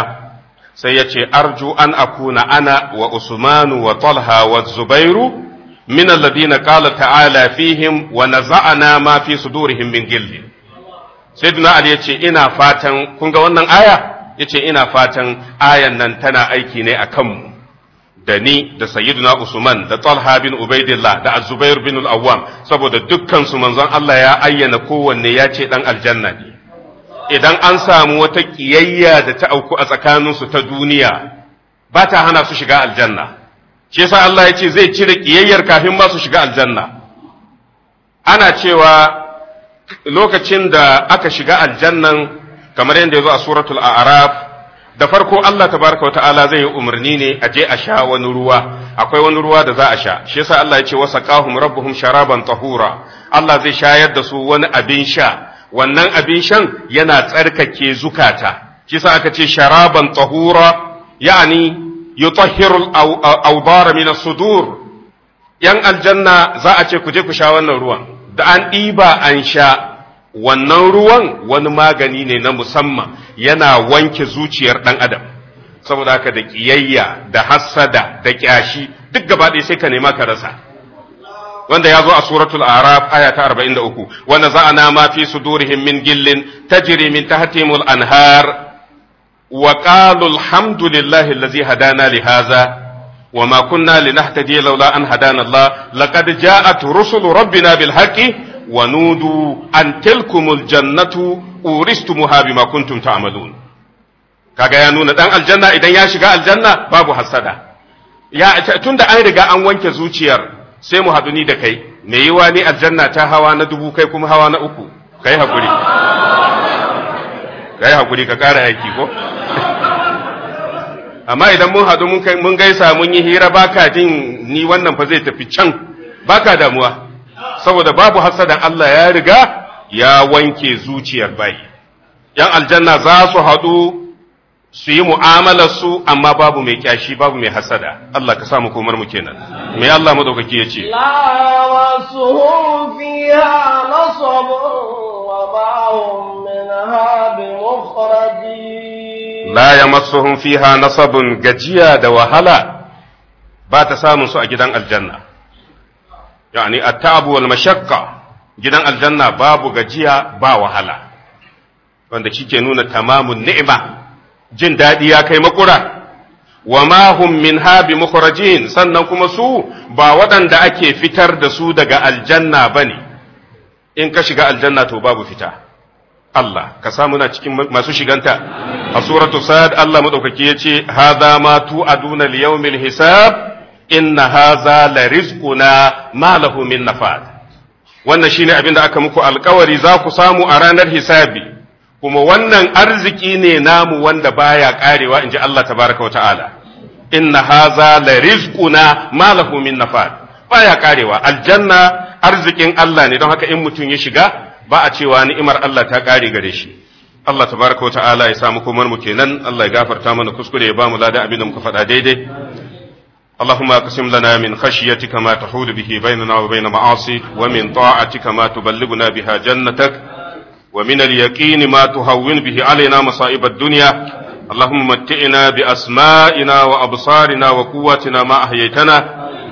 sai ya ce arju an akuna ana wa usmanu wa talha wa zubairu min alladhina qala ta'ala fihim wa naza'ana ma fi sudurihim min ghillin sayyidina ali ya ce ina fatan kun ga wannan aya Ya ce ina fatan ayan nan tana aiki ne akan mu da ni da sayyidina usman da talha bin ubaidillah da azubair bin al saboda dukkan su manzon Allah ya ayyana kowanne ya ce dan aljanna ne idan an samu wata ƙiyayya da ta auku a tsakaninsu ta duniya ba ta hana su shiga aljanna shi yasa Allah ya ce zai cire kiyayyar kafin ma su shiga aljanna ana cewa lokacin da aka shiga aljannan kamar yadda ya zo a suratul a'raf da farko Allah tabaraka wa ta'ala zai yi umarni ne a je a sha wani ruwa akwai wani ruwa da za a sha shi yasa Allah ya ce wasaqahum rabbuhum sharaban tahura Allah zai shayar da su wani abin sha wannan abin shan yana tsarkake zukata shi yasa aka ce sharaban tahura yani al awdara min as-sudur yan aljanna za a ce ku je ku sha wannan ruwan da an ɗiba an sha wannan ruwan wani magani ne na musamman yana wanke zuciyar ɗan adam saboda haka da ƙiyayya da hassada da ƙyashi duk gaba ɗaya sai ka nema ka rasa wanda ya zo a suratul araf aya ta 43 wanda za a nama fi sudurihim min gillin tajri min tahtimul anhar wa qalu alhamdulillahi allazi hadana li hadha wa ma kunna linahtadiya laula an hadana Allah laqad ja'at rusulu rabbina bil haqqi wa nudu an tilkumul jannatu uristumuha bima kuntum ta'malun kaga ya nuna dan aljanna idan ya shiga aljanna babu hasada ya tunda an riga an wanke zuciyar sai mu haɗu ni da kai me yiwa ni aljanna ta hawa na dubu kai kuma hawa na uku kai hakuri hakuri ka ƙara aiki ko amma idan mun haɗu mun gaisa mun yi hira baka jin ni wannan fa zai tafi can baka damuwa saboda babu hasadan Allah ya riga ya wanke zuciyar bayi yan aljanna za su haɗu su yi mu'amalar su amma babu mai kyashi babu mai hasada Allah ka sa mu komar mu kenan mai Allah madaukaki yace la wasuhum fiha nasab wa ba'um minha bi mukhrajin la masuhun fiha nasabun gajiya da wahala ba ta samun su a gidan aljanna yani at ta'abuwar wal gidan aljanna babu gajiya ba wahala wanda kike nuna tamamun ni'ima jin daɗi ya kai makura wa ma hum min habi mukhrajin sannan kuma su ba waɗanda ake fitar da su daga aljanna bane in ka shiga aljanna to babu fita Allah ka sa muna cikin masu shiganta a suratu sad Allah madaukaki ce haza ma tu'aduna liyawmil hisab inna hadha la rizquna ma lahu min nafad wannan shine abin da aka muku alkawari za ku samu a ranar hisabi kuma wannan arziki ne namu wanda baya karewa inji Allah tabaraka wa ta'ala inna haza la rizquna ma lahu min nafad baya karewa aljanna arzikin Allah ne don haka in mutum ya shiga ba a cewa ni'imar Allah ta ƙare gare shi Allah tabaraka wa ta'ala ya samu komar mu kenan Allah ya gafarta mana kuskure ya ba mu lada abin da muka faɗa daidai اللهم اقسم لنا من خشيتك ما تحول به بيننا وبين معاصيك ومن طاعتك ما تبلغنا بها جنتك ومن اليقين ما تهون به علينا مصائب الدنيا اللهم متئنا بأسمائنا وأبصارنا وقوتنا ما أحييتنا